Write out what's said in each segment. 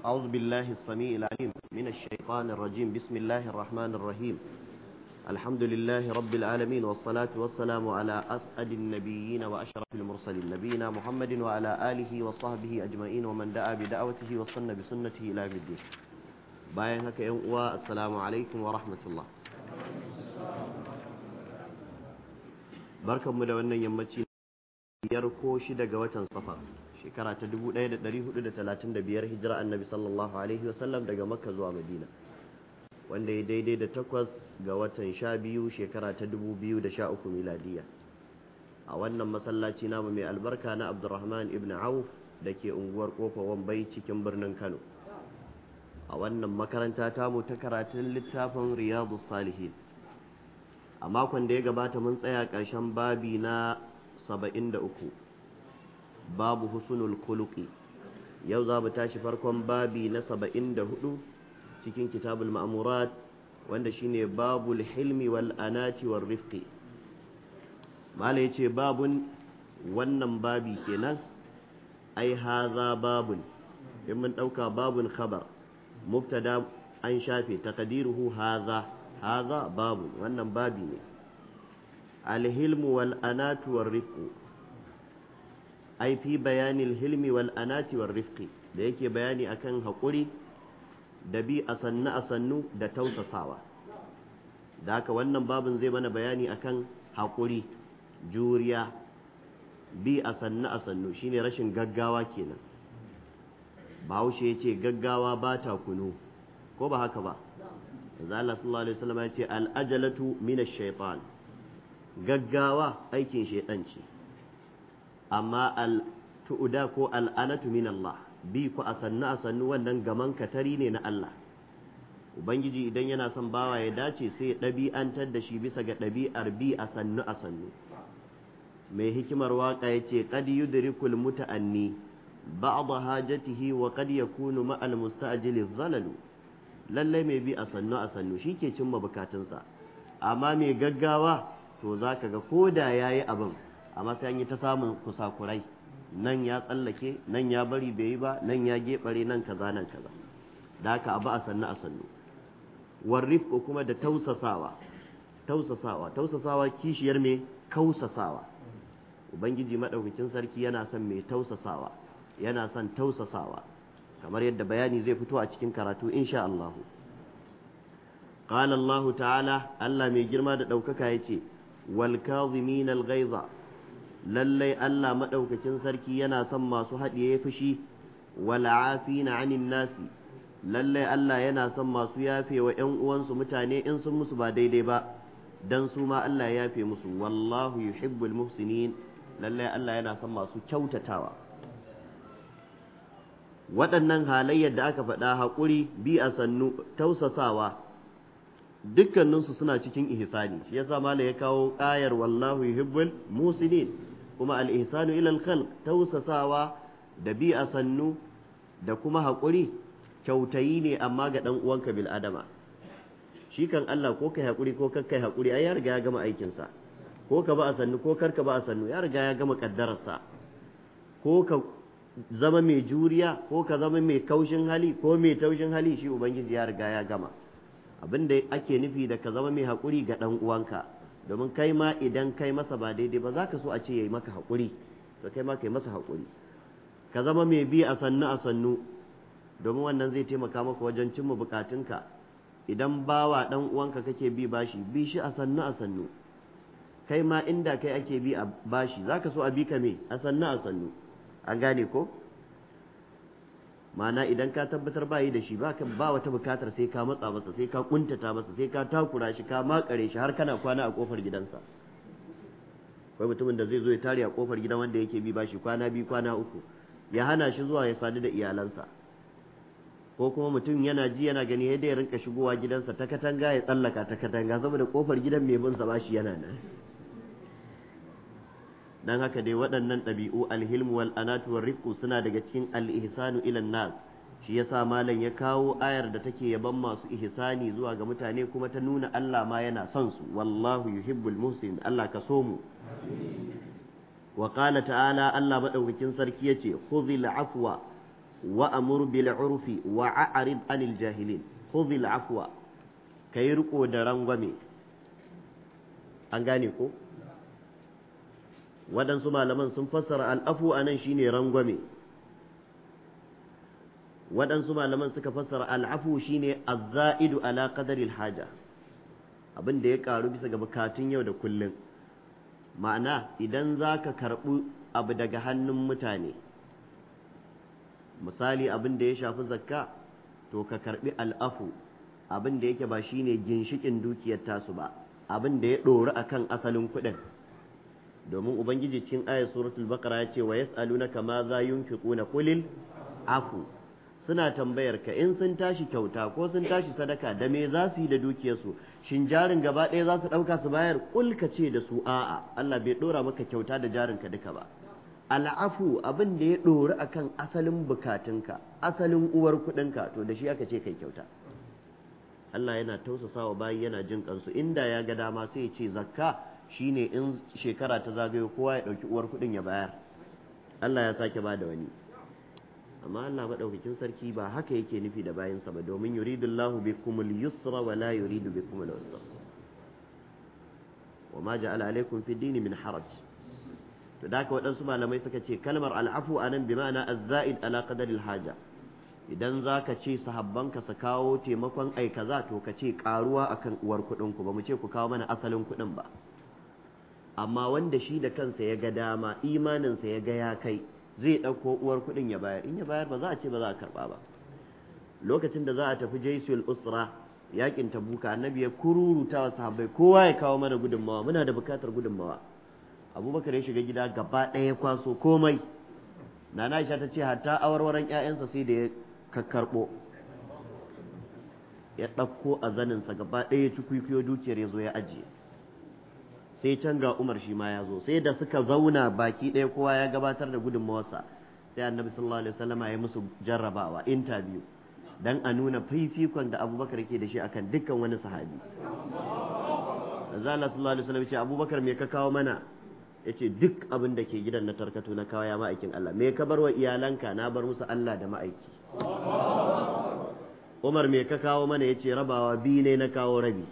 أعوذ بالله السميع العليم من الشيطان الرجيم بسم الله الرحمن الرحيم الحمد لله رب العالمين والصلاة والسلام على أسأل النبيين وأشرف المرسلين نبينا محمد وعلى آله وصحبه أجمعين ومن دعا بدعوته وصلنا بسنته إلى الدين باين هكا يوم السلام عليكم ورحمة الله بركة da wannan yammaci biyar ko shida shekara ta 1435 hijira annabi sallallahu alaihi wasallam daga makka zuwa madina wanda ya daidai da takwas ga watan sha biyu shekara ta 2013 miladiya a wannan masallaci namu mai albarka na abdurrahman ibn auf da ke unguwar kofa wambai cikin birnin kano a wannan makaranta tamu ta karatun littafin riyadu salihin a makon da ya gabata mun tsaya ƙarshen babi na 73 babu husnul kuluki yau za mu tashi farkon babi na saba'in da hudu cikin kitabul ma'murat wanda shine babul hilmi wal anati war rifqi mala yace babun wannan babi kenan ai haza babun in mun dauka babun khabar mubtada an shafe taqdiruhu haza haza babu wannan babi ne al wal anatu war rifqu ai fi bayanil hilmi wal anati war rifqi da yake bayani akan haƙuri da bi a sannu a sannu da tausasawa da haka wannan babin zai mana bayani akan haƙuri juriya bi a sannu a sannu shine rashin gaggawa kenan bahaushe ya ce gaggawa ba ta kunu ko ba haka ba zala sallallahu alaihi wasallam ya ce al'ajalatu min ash-shaytan gaggawa aikin shaytan ce amma al ko al min Allah bi ku a sannu a sannu wannan gaman katari ne na Allah ubangiji idan yana son bawa ya dace sai ya ɗabi'antar da shi bisa ga ɗabi'ar bi a sannu mai hikimar waƙa ya ce qad yudrikul muta'anni ba'd hajatihi wa qad yakunu ma'al musta'jili zalalu lallai mai bi a sannu a shi ke cimma bukatunsa amma mai gaggawa to zaka ga koda yayi abin amma sai an yi ta samun kusakurai nan ya tsallake nan ya bari bai yi ba nan ya gebare nan kaza nan kaza da haka abu a sannu a sannu ko kuma da tausasawa tausasawa tausasawa kishiyar mai kausasawa ubangiji madaukakin sarki yana son mai tausasawa yana son tausasawa kamar yadda bayani zai fito a cikin karatu insha Allah qala Allah ta'ala Allah mai girma da daukaka yace wal kadhimin al lallai Allah maɗaukacin sarki yana son masu haɗiye fushi na anin nasi lallai Allah yana son masu yafe wa ‘yan uwansu mutane in sun musu ba daidai ba don su ma Allah ya yafe musu wallahu yuhibbul muhsinin lallai Allah yana son masu kyautatawa waɗannan halayyar da aka faɗa haƙuri bi a sannu tausasawa dukkaninsu suna cikin ihsani shi yasa mala ya kawo ƙayar wallahu yuhibbul muhsinin kuma al-ihsanu ila al tausasawa da bi a sannu da kuma haƙuri kyautayi ne amma ga dan uwanka bil adama shi kan Allah ko kai haƙuri ko kai haƙuri ai ya riga ya gama aikin ko ka ba a sannu ko ka ba a sannu ya riga ya gama kaddararsa ko ka zama mai juriya ko ka zama mai kaushin hali ko mai taushin hali shi ubangiji ya riga ya gama abin da ake nufi da ka zama mai haƙuri ga ɗan uwanka domin kai ma idan kai masa ba daidai ba za ka so a ce ya yi maka haƙuri to kai ma kai masa haƙuri ka zama mai bi a sannu a sannu domin wannan zai taimaka maka wajen cimma bukatunka idan bawa ɗan uwanka kake bi bashi bi shi a sannu a sannu kai ma inda kai ake bi a bashi za ka so a bi ka me a sannu a sannu an gane ko ma'ana idan ka tabbatar ba yi da shi ba ba wata bukatar sai ka matsa masa sai ka kuntata masa sai ka takura shi ka makare shi har kana kwana a kofar gidansa akwai mutumin da zai zo ya tare a kofar gidan wanda yake bi bashi kwana biyu kwana uku ya hana shi zuwa ya sadu da iyalansa ko kuma mutum yana ji yana gani yadda ya rinka shigowa gidansa ta katanga ya tsallaka ta katanga saboda kofar gidan mai bin sa bashi yana nan dan haka dai waɗannan ɗabi'u alhilmu wal anatu rifqu suna daga cikin al ihsanu ila nas shi yasa malam ya kawo ayar da take yaban masu ihsani zuwa ga mutane kuma ta nuna Allah ma yana son su wallahu yuhibbul muhsin Allah ka so mu wa qala ta'ala Allah madaukakin sarki yace khudhil afwa wa amur bil urfi wa a'rid anil jahilin khudhil afwa kai riko da rangwame an gane ko waɗansu malaman sun fassara al'afu a nan shine rangwame waɗansu malaman suka fassara al'afu shine azza'idu ala qadaril haja abin da ya ƙaru bisa ga bukatun yau da kullum ma'ana idan za ka karɓi abu daga hannun mutane misali abin da ya shafi zakka to ka karɓi al'afu abin da yake ba shine ginshikin dukiyar tasu ba abin da ya ɗori a kan asalin kuɗin domin ubangiji cikin ayat suratul baqara ya ce wa yas'alunaka ma za yunfiquna qulil afu suna tambayar ka in sun tashi kyauta ko sun tashi sadaka da me za su yi da dukiyarsu shin jarin gaba ɗaya za su ɗauka su bayar kul ka ce da su a'a Allah bai ɗora maka kyauta da jarin ka duka ba al'afu abin da ya ɗori akan asalin bukatunka asalin uwar kuɗinka to da shi aka ce kai kyauta Allah yana tausasa wa bayi yana jin kansu inda ya ga dama sai ya ce zakka shi ne in shekara ta zagayo kowa ya ɗauki uwar kuɗin ya bayar Allah ya sake ba da wani amma Allah maɗaukakin sarki ba haka yake nufi da bayansa ba domin yuridullahu kumul yusra wa la yuridu kumul usra wa ma ja'ala alaikum fi dini min haraj to da haka waɗansu malamai suka ce kalmar al'afu anan bi ma'ana az-za'id ala qadaril idan za ka ce sahabbanka su kawo taimakon aika za to ka ce karuwa akan uwar kuɗinku ba mu ce ku kawo mana asalin kuɗin ba amma wanda shi da kansa ya ga dama imaninsa ya ga ya kai zai ɗauko uwar kuɗin ya bayar in ya bayar ba za a ce ba za a karɓa ba lokacin da za a tafi jaisul usra yakin tabuka annabi ya kururuta wa sahabbai kowa ya kawo mana gudunmawa muna da bukatar gudunmawa abubakar ya shiga gida gaba ɗaya kwaso komai nana aisha ta ce hatta awarwaran ƴaƴansa sai da ya kakkarɓo ya ɗauko a zaninsa gaba ɗaya ya ci kwikwiyo dukiyar ya zo ya ajiye sai can ga Umar shi ma ya zo sai da suka zauna baki ɗaya kowa ya gabatar da gudunmawarsa sai annabi sallallahu alaihi wasallama ya musu jarrabawa interview dan a nuna fifikon da Abubakar ke da shi akan dukkan wani sahabi Zalla sallallahu alaihi wasallam ya ce Abubakar me ka kawo mana yace duk abin da ke gidan na tarkato na kawo ya ma'aikin Allah me ka bar wa iyalanka na bar musu Allah da ma'aiki Umar me ka kawo mana yace rabawa bi ne na kawo rabi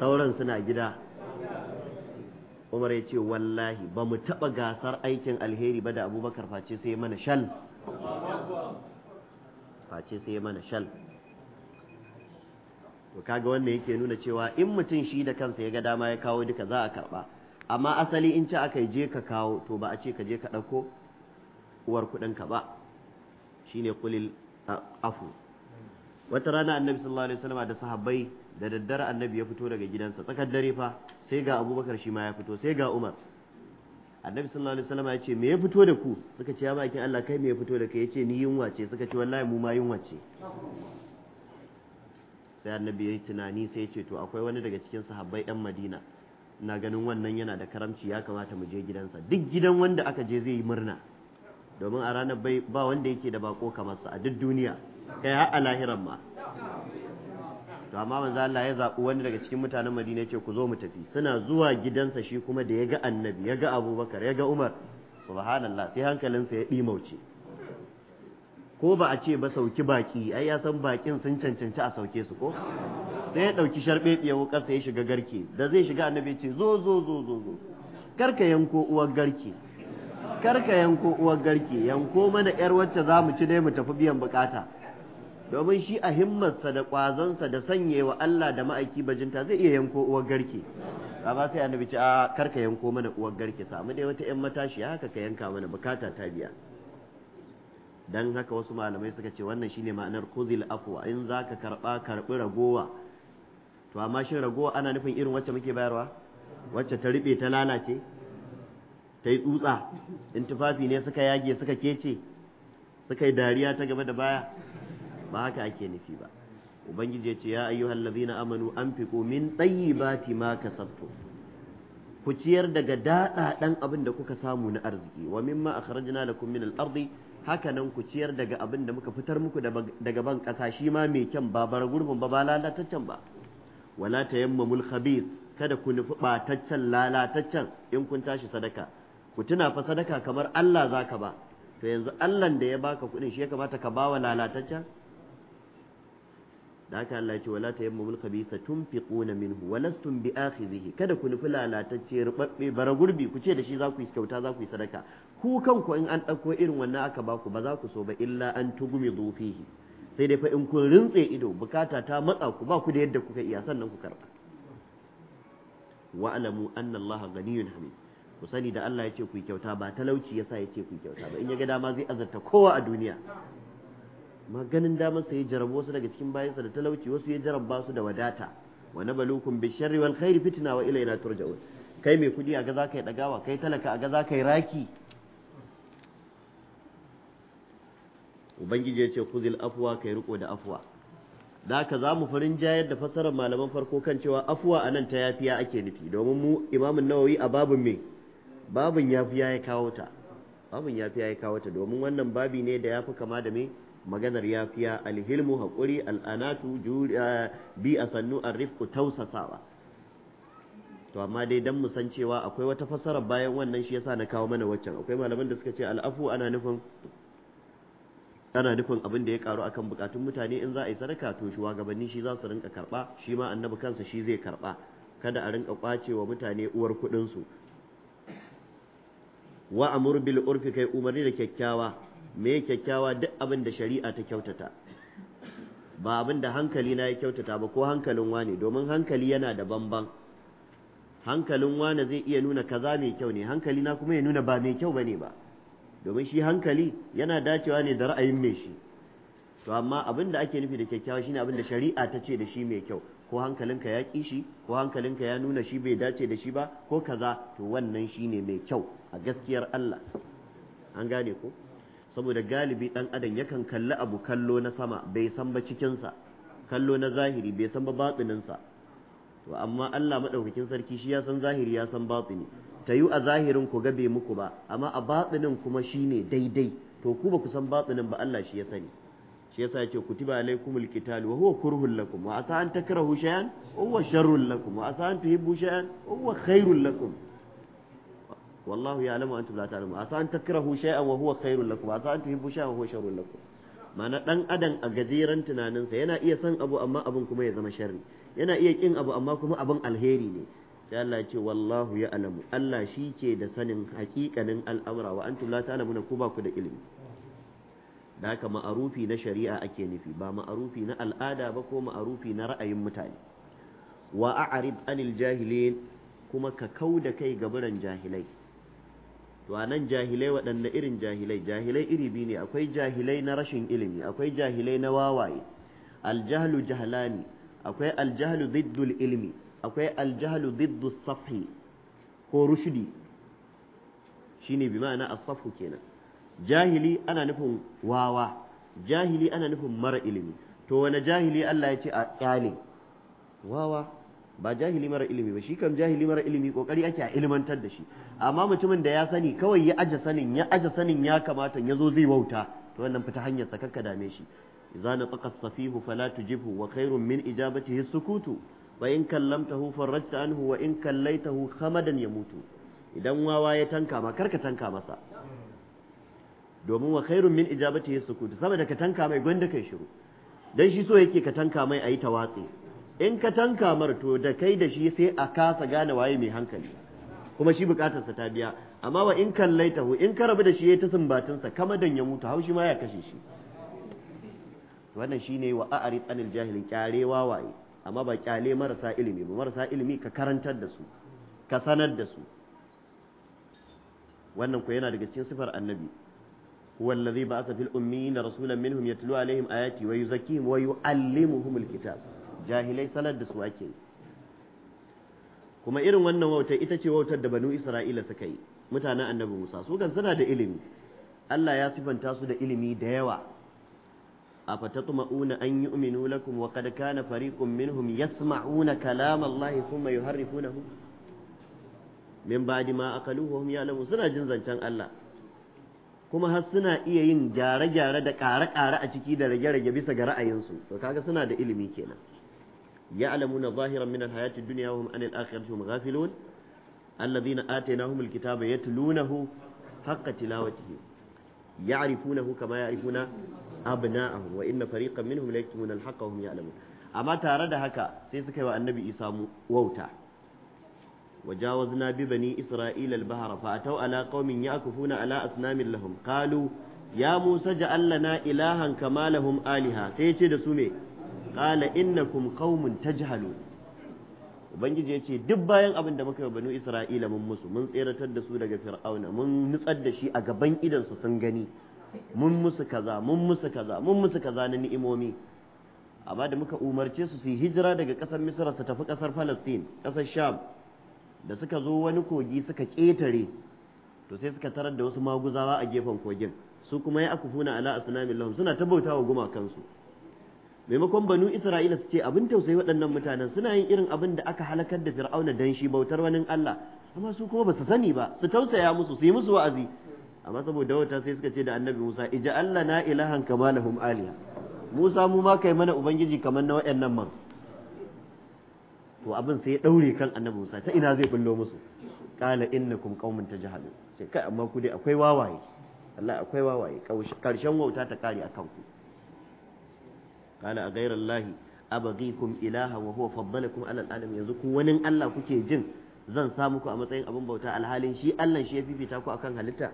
sauran suna gida umar ya ce wallahi ba mu taɓa gasar aikin alheri ba da abubakar face sai ya mana shal face sai ya mana shal to kaga wannan yake nuna cewa in mutum shi da kansa ya ga dama ya kawo duka za a karɓa amma asali in ci aka je ka kawo to ba a ce ka je ka ɗauko uwar kuɗinka ba shine kulil afu wata rana annabi sallallahu alaihi wasallam da sahabbai da daddare annabi ya fito daga gidansa tsakar dare fa sai ga abubakar shi ma ya fito sai ga umar annabi sallallahu alaihi wasallam ya ce me ya fito da ku suka ce ya bakin Allah kai me ya fito da kai yace ni yunwa ce suka ce wallahi mu ma yunwa ce sai annabi ya yi tunani sai ya ce to akwai wani daga cikin sahabbai ɗan madina na ganin wannan yana da karamci ya kamata mu je gidansa duk gidan wanda aka je zai yi murna domin a ranar bai ba wanda yake da bako kamar sa a duk duniya kai har a lahiran ma to amma manzo Allah ya zaɓi wani daga cikin mutanen Madina ce ku zo mu tafi suna zuwa gidansa shi kuma da yaga annabi ya ga Abubakar yaga Umar subhanallah sai hankalinsa ya mauce. ko ba a ce ba sauki baki ai ya san bakin sun cancanci a sauke su ko sai ya ɗauki sharɓeɓiya wukar sai ya shiga garke da zai shiga annabi ce zo zo zo zo zo karka yanko uwar garke karka yanko uwar garke yanko mana yar wacce zamu ci dai mu tafi biyan bukata domin shi a himmarsa da kwazansa da wa Allah da ma'aiki bajinta zai iya yanko uwar garke ba sai annabi ce a karka yanko mana uwar garke samu dai wata 'yan matashi haka ka yanka mana bukata ta biya dan haka wasu malamai suka ce wannan shine ma'anar kuzil afwa in zaka karba karbi ragowa to amma shin ragowa ana nufin irin wacce muke bayarwa wacce ta rube ta lalace ta yi tsutsa in tufafi ne suka yage suka kece suka yi dariya ta gaba da baya ba haka ake nufi ba ubangiji ya ce ya ayyu ladhina amanu anfiqu min tayyibati ma kasabtum ku ciyar daga daɗaɗan abin da kuka samu na arziki wa mimma akhrajna lakum min al-ardi haka nan ku ciyar daga abin da muka fitar muku daga ban ƙasa shi ma mai kyan ba bara gurbin ba ba lalataccen ba wala tayammamul khabir kada ku nufi bataccen lalataccen in kun tashi sadaka ku tuna fa sadaka kamar Allah zaka ba to yanzu Allah da ya baka kuɗin shi ya kamata ka bawa lalataccen da haka Allah ce wala tayammumul khabisa tunfiquna minhu walastum bi'akhidhihi kada ku nufi lalatacce rubabbe bara gurbi ku ce da shi za ku yi kyauta za ku yi sadaka ku kanku in an dauko irin wannan aka ba ku ba za ku so ba illa an tugumi fihi sai dai fa in kun rintse ido bukata ta matsa ku ba ku da yadda kuka iya sannan ku karba wa'lamu anna Allah ganiyyun hamid ku sani da Allah ya ce ku yi kyauta ba talauci yasa ya ce ku yi kyauta ba in ya ga dama zai azarta kowa a duniya maganin damar sa ya wasu daga cikin bayansa da talauci wasu ya jaraba su da wadata wa nabluukum bisharri wal khairi fitna wa ilayna turja'un kai mai kudi a ga zakai dagawa kai talaka a ga zakai raki ubangiji ya ce kuzil afwa kai riko da afwa da haka za mu farin jayar da fasarar malaman farko kan cewa afuwa a nan ta yafiya ake nufi domin mu imamun nawawi a babin me babin yafiya ya kawo ta babin yafiya ya kawo ta domin wannan babi ne da ya fi kama da me maganar yafiya alhilmu hakuri al'anatu eh, bi a sannu arrifku tausasawa to amma dai dan mu cewa akwai wata fassara bayan wannan shi yasa na kawo mana waccan akwai malaman da suka ce al'afu ana nufin ana nufin abin da ya karu akan bukatun mutane in za a yi sadaka to shugabanni shi za su rinka karba shi ma annabi kansa shi zai karba kada a rinka kwace wa mutane uwar kuɗin su wa amur bil urfi kai umarni da kyakkyawa me kyakkyawa duk abin da shari'a ta kyautata ba abin da hankali na ya kyautata ba ko hankalin wane domin hankali yana da bamban hankalin wane zai iya nuna kaza mai kyau ne hankali na kuma ya nuna ba mai kyau bane ba domin shi hankali yana dacewa ne da ra'ayin mai shi to amma abin da ake nufi da kyakkyawa shine abin da shari'a ta ce da shi mai kyau ko hankalinka ya ki shi ko hankalinka ya nuna shi bai dace da shi ba ko kaza to wannan shine mai kyau a gaskiyar Allah an gane ko saboda galibi ɗan adam yakan kalli abu kallo na sama bai san ba cikinsa kallo na zahiri bai san ba batininsa to amma Allah madaukakin sarki shi ya san zahiri ya san batini ta yi a zahirin ku ga gabe muku ba amma a batinin kuma shine daidai to ku ba ku san batinin ba Allah shi ya sani shi yasa yace tiba alaikumul qital wa huwa kurhul lakum wa asa an takrahu shay'an huwa sharrul lakum wa asa an tuhibbu shay'an huwa khairul lakum wallahu ya'lamu wa antum la ta'lamun asa an takrahu shay'an wa huwa khairul lakum asa an tuhibbu shay'an wa huwa sharrul lakum mana dan adam a gajeren tunaninsa yana iya son abu amma abin kuma ya zama sharri yana iya kin abu amma kuma abin alheri ne sai Allah ce wallahu ya'lamu Allah shi ke da sanin hakikanin al'amura wa antum la ta'lamuna ku ba ku da ilimi da haka ma'arufi na shari'a ake nufi ba ma'arufi na al'ada ba ko ma'arufi na ra'ayin mutane wa a'rid anil jahilin kuma ka kauda kai gaburan jahilai to anan jahilai waɗanda irin jahilai jahilai iri biyu ne akwai jahilai na rashin ilimi akwai jahilai na wawaye aljahlu jahlani akwai aljahlu diddul ilmi akwai aljahlu diddu safhi ko rushdi shine bi ma'ana as-safhu kenan jahili ana nufin wawa jahili ana nufin mara ilimi to wani jahili Allah ya ce a kyale wawa ba jahili mara ilimi ba shi kam jahili mara ilimi kokari ake a ilmantar da shi amma mutumin da ya sani kawai ya aje sanin ya aje sanin ya kamata ya zo zai wauta to wannan fita hanyar sa kakka dame shi idza tsaka safihu fala tujibu wa khairun min ijabatihi sukutu wa in kallamtahu farajta anhu wa in kallaitahu khamadan yamutu idan wawa ya tanka ma karka tanka masa domin wa khairun min ijabatihi sukutu saboda ka tanka mai gwanda kai shiru dan shi so yake ka tanka mai ayi tawatsi in ka tanka marto to da kai da shi sai a kasa gane waye mai hankali kuma shi bukatarsa ta biya amma wa in kallaitahu in ka rabu da shi yayi ta sumbatinsa kama dan ya mutu haushi ma ya kashe shi wannan shine wa a'rid anil jahilin kyare wawaye amma ba kyale marasa ilimi ba marasa ilimi ka karantar da su ka sanar da su wannan ko yana daga cikin sifar annabi huwa allazi ba'atha fil ummiyina rasulan minhum yatlu alaihim ayati wa yuzakkihim alli yu'allimuhum alkitab jahilai sanar da su ake yi kuma irin wannan wautar ita ce wautar da banu isra'ila suka yi mutanen annabi musa su kan suna da ilimi allah ya sifanta su da ilimi da yawa a fatatma'una an yi uminu lakum wa qad kana fariqun minhum yasma'una kalam allahi thumma yuharrifunahu min ba'di ma aqaluhu hum ya'lamu suna jin zancen allah kuma har suna iya yin gyare-gyare da ƙare-ƙare a ciki da rage-rage bisa ga ra'ayinsu to kaga suna da ilimi kenan يعلمون ظاهرا من الحياة الدنيا وهم أن الآخرة هم غافلون الذين آتيناهم الكتاب يتلونه حق تلاوته يعرفونه كما يعرفون أبناءهم وإن فريقا منهم ليكتمون الحق وهم يعلمون أما تارد هكا سيسكي والنبي إيسا ووتا وجاوزنا ببني إسرائيل البهر فأتوا على قوم يأكفون على أسنام لهم قالوا يا موسى جعلنا إلها كما لهم آلهة سيتي دسومي qala innakum ta tajhalun ubangiji ya ce duk bayan abin da muka yi banu isra'ila mun musu mun tseratar da su daga fir'auna mun nutsar da shi a gaban idansu sun gani mun musu kaza mun musu kaza mun musu kaza na ni'imomi amma da muka umarce su su yi hijira daga kasar misra su tafi kasar falastin ƙasar sham da suka zo wani kogi suka ketare to sai suka tarar da wasu maguzawa a gefen kogin su kuma ya akufuna ala asnamin suna ta bautawa gumakansu maimakon banu isra'ila su ce abin tausayi waɗannan mutanen suna yin irin abin da aka halakar da fir'auna dan shi bautar wani Allah amma su kuma basu sani ba su tausaya musu su yi musu wa'azi amma saboda wata sai suka ce da annabi Musa Allah na ilahan kama lahum aliya Musa mu ma kai mana ubangiji kamar na waɗannan man to abin sai ya daure kan annabi Musa ta ina zai bullo musu qala innakum qaumun tajhalun sai kai amma ku dai akwai wawaye Allah akwai wawaye karshen wauta ta kare akan ku Kala a gairallahi allahi abghikum ilaha wa huwa faddalakum alal alamin yanzu ku wani Allah kuke jin zan sa muku a matsayin abin bauta alhalin shi Allah shi ya fifita ku akan halitta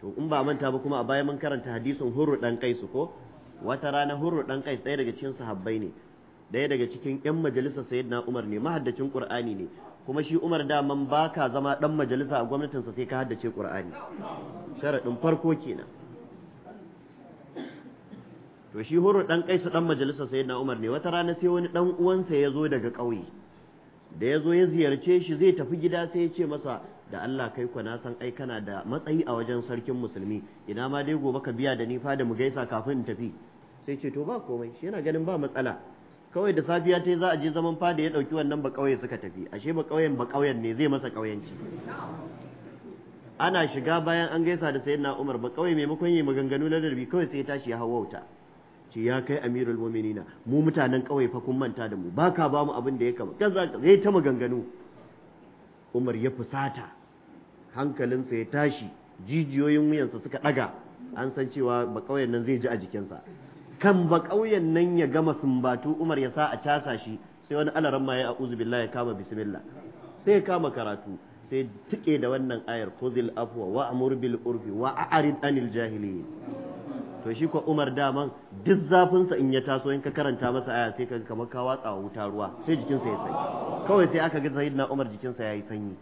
to in ba manta ba kuma a baya mun karanta hadisin hurru dan kaisu ko wata rana hurru dan kais ɗaya daga cikin sahabbai ne ɗaya daga cikin yan majalisar sayyidina Umar ne mahaddacin Qur'ani ne kuma shi Umar daman ba ka zama ɗan majalisa a gwamnatinsa sai ka haddace Qur'ani sharadin farko kenan to shi huru dan kaisu dan majalisar sayyidina Umar ne wata rana sai wani dan uwansa ya zo daga ƙauye da ya zo ya ziyarce shi zai tafi gida sai ya ce masa da Allah kai ku na san ai kana da matsayi a wajen sarkin musulmi ina ma dai gobe ka biya da ni fa da mu gaisa kafin in tafi sai ce to ba komai shi yana ganin ba matsala kawai da safiya ta za a je zaman fada ya dauki wannan ba ƙauye suka tafi ashe ba ƙauyen ba kauyen ne zai masa ƙauyenci ana shiga bayan an gaisa da sayyidina Umar ba ƙauye maimakon yi maganganu na kawai sai ya tashi ya hawauta ce ya kai amirul mu'minina mu mutanen kawai fa kun manta da mu baka ba mu abin da ya kama kan zaka zai ta maganganu Umar ya fusata hankalinsa ya tashi jijiyoyin wuyansa suka daga an san cewa ba nan zai ji a jikinsa kan ba nan ya gama sumbatu Umar ya sa a casa shi sai wani alaran ma ya a'udhu billahi ya kama bismillah sai ya kama karatu sai tike da wannan ayar khuzil afwa wa amur bil urfi wa a'rid anil jahilin to shi kwa Umar daman duk zafinsa in ya taso in ka karanta masa aya sai kaga kamar ka watsa wa wuta ruwa sai jikinsa ya sanyi kawai sai aka ga Sayyidina Umar jikinsa ya yi sanyi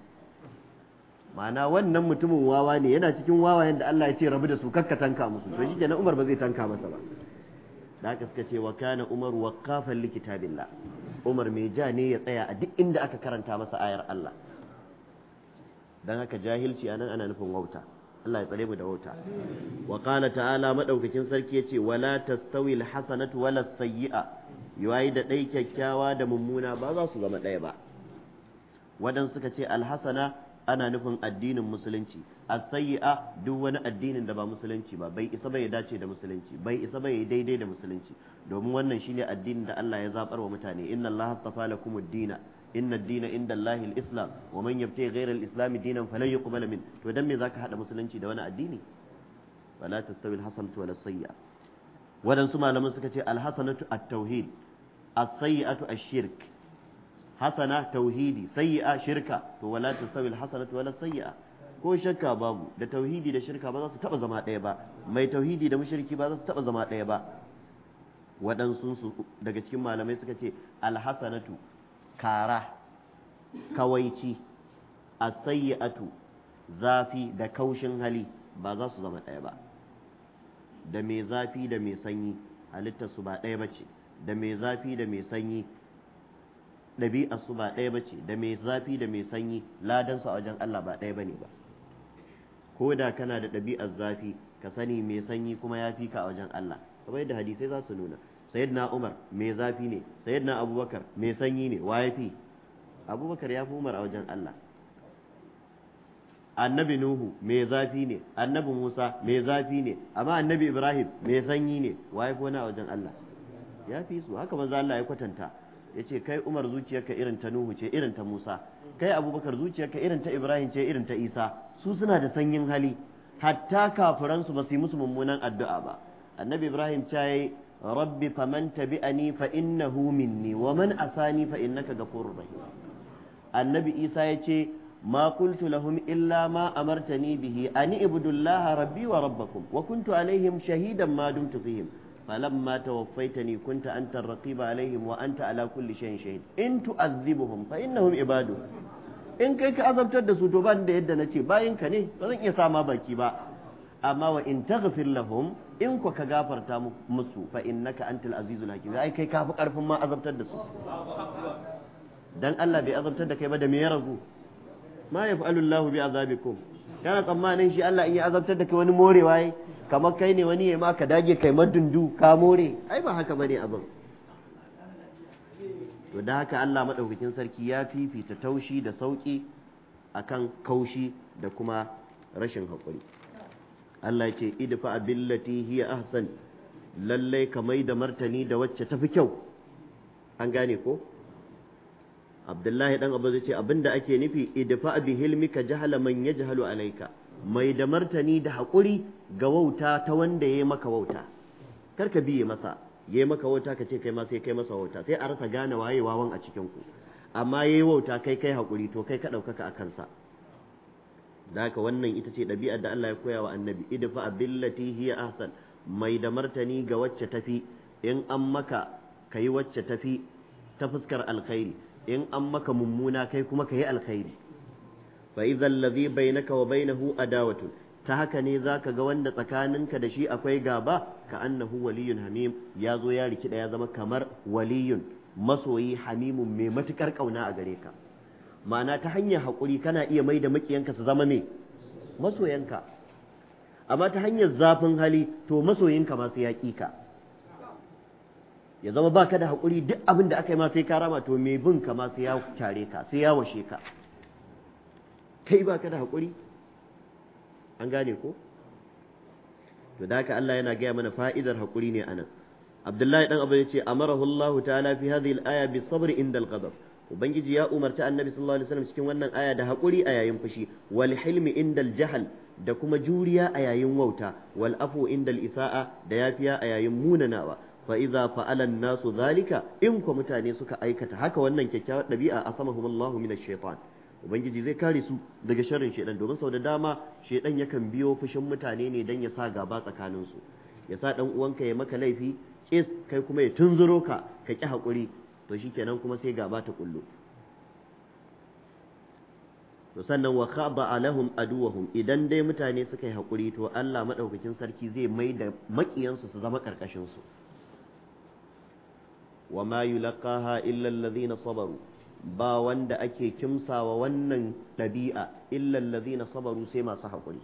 ma'ana wannan mutumin wawa ne yana cikin wawa da Allah ya ce rabu da su kakka tanka musu to shikenan Umar ba zai tanka masa ba da aka suka ce wa kana Umar waqafan Likita kitabillah Umar mai ja ne ya tsaya a duk inda aka karanta masa ayar Allah dan haka jahilci anan ana nufin wauta Allah ya tsare mu da wauta wa qala ta'ala madaukakin sarki yace wala tastawi alhasanatu wala sayyi'a yayi da dai kyakkyawa da mummuna ba za su zama ɗaya ba wadan suka ce alhasana ana nufin addinin musulunci as-sayyi'a duk wani addinin da ba musulunci ba bai isa bai dace da musulunci bai isa bai daidai da musulunci domin wannan shine addinin da Allah ya zabar wa mutane inna Allah astafa lakum dina إن الدين عند الله الإسلام ومن يبتغي غير الإسلام دينا فلن يقبل منه to dan me zaka hada musulunci da wani addini wala tastawi alhasanatu wala sayyi'a wadansu malaman suka ce alhasanatu at-tauhid as-sayyi'atu ash-shirk hasana tauhidi sayyi'a shirka to wala ko shakka babu da tauhidi da shirka ba za su taba zama ɗaya ba mai tauhidi da mushriki ba za su taba zama ɗaya ba waɗansu daga cikin malamai suka ce alhasanatu kara kawaici asayi'atu zafi da kaushin hali ba za su zama ɗaya ba da mai zafi da mai sanyi halittar su ba ɗaya ba ce. da mai zafi da mai sanyi ɗabi'ar su ba ɗaya ba ce. da mai zafi da mai sanyi ladansu su a wajen Allah ba ɗaya bane ba ko da kana da ɗabi'ar zafi ka sani mai sanyi kuma ya fi ka a wajen Allah kamar yadda hadisai za su nuna sayyidina umar mai zafi ne sayyidina abubakar mai sanyi ne waye fi abubakar ya fi umar a wajen Allah annabi nuhu mai zafi ne annabi musa mai zafi ne amma annabi ibrahim mai sanyi ne waye fi wani a wajen Allah ya fi su haka manzo Allah ya kwatanta ya ce kai umar zuciyarka irin ta nuhu ce irin ta musa kai abubakar zuciyarka irin ta ibrahim ce irin ta isa su suna da sanyin hali hatta kafiransu ba su yi musu mummunan addu'a ba annabi ibrahim ta yi rabbi faman tabi'ani fa innahu minni wa man asani fa innaka ghafurur rahim annabi isa yace ma qultu lahum illa ma amartani bihi ani ibudullaha rabbi wa rabbakum wa kuntu alaihim shahidan ma dumtu fihim فلما توفيتني كنت أنت الرقيب عليهم وأنت على كل شيء شهيد إن تعذبهم فإنهم عبادك in kai ka azabtar da su to ban da yadda nace bayin ka ne ba zan iya sama baki ba amma wa in taghfir lahum in ku ka gafarta musu fa innaka antal azizul hakim ai kai kafi karfin ma azabtar da su dan Allah bai azabtar da kai ba da me ya ragu ma yaf'alu Allahu bi azabikum kana tsammanin shi Allah in ya azabtar da kai wani morewa yi kamar kai ne wani ya ma ka dage kai madundu ka more ai ba haka bane abin to da haka Allah madaukakin sarki ya fifita taushi da sauki akan kaushi da kuma rashin haƙuri Allah ce idfa billati hiya ahsan lallai ka mai da martani da wacce tafi kyau an gane ko Abdullahi dan Abu ce abinda ake nufi idfa bi hilmika jahala man yajhalu alayka mai da martani da hakuri ga wauta ta wanda yayi maka wauta kar ka biye masa yayi maka wauta ka ce kai ma sai kai masa wauta sai a rasa gane waye wawan a cikin ku amma yayi wauta kai kai hakuri to kai ka ɗaukaka a kansa da haka wannan ita ce ɗabi'ar da Allah ya koya wa annabi idfa billati hiya ahsan mai da martani ga wacce tafi in an maka kai wacce tafi ta fuskar alkhairi in an maka mummuna kai kuma kai alkhairi fa idza allazi bainaka wa bainahu adawatun ta haka ne zaka ga wanda tsakaninka da shi akwai gaba ka annahu waliyun hamim ya zo ya rikida ya zama kamar waliyun masoyi hamimun mai matukar kauna a gare ka ma'ana ta hanyar haƙuri kana iya mai da makiyanka su zama me masoyanka amma ta hanyar zafin hali to masoyinka ma su ya ka ya zama ba ka da haƙuri duk abin da aka yi ma sai ka rama to me bin ka ma sai ya care ka sai ya washe ka kai ba ka da haƙuri an gane ko to da haka Allah yana gaya mana fa'idar haƙuri ne anan Abdullahi dan Abu ya ce amarahu Allah ta'ala fi hadhihi al-aya bi sabr inda al-ghadab ubangiji ya umarci annabi sallallahu alaihi wasallam cikin wannan aya da haƙuri a yayin fushi wal hilmi indal jahal da kuma juriya a yayin wauta wal afu indal isa'a da yafiya a yayin munanawa fa idza fa'ala nasu zalika in ko mutane suka aikata haka wannan kyakkyawar dabi'a asamahumullahu minash shaitan ubangiji zai kare su daga sharrin shaitan domin sau da dama shaitan yakan biyo fushin mutane ne dan ya sa gaba su ya sa dan uwanka ya maka laifi kis kai kuma ya tunzuro ka ka ki haƙuri to shi kenan kuma sai gaba ta kullu to sannan wa khaba alahum aduwahum idan dai mutane suka yi hakuri to Allah madaukakin sarki zai mai da makiyansu su zama karkashin su wa ma yulqaha illa alladhina sabaru ba wanda ake kimsawa wannan dabi'a illa alladhina sabaru sai masu hakuri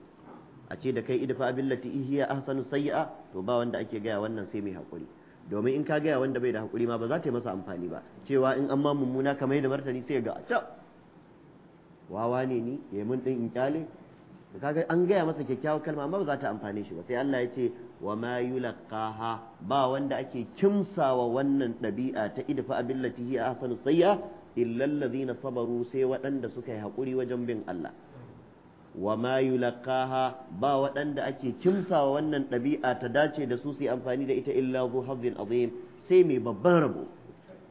a ce da kai idfa billati hiya ahsanu sayi'a to ba wanda ake gaya wannan sai mai hakuri domin in ka gaya wanda bai da hakuri ma ba za ta yi masa amfani ba cewa in an ma mummuna kamar da martani sai ga a wawa ne ni ya yi in kyale kaga an gaya masa kyakkyawar kalma amma ba za ta amfane shi ba sai Allah ya ce wa ma yulqaha ba wanda ake wa wannan ɗabi'a ta idfa billati hi ahsanu sayya illa na sabaru sai waɗanda suka yi hakuri wajen bin Allah wa ma yulqaha ba waɗanda ake kimsa wannan ɗabi'a ta dace da su su amfani da ita illa zu azim sai mai babban rabo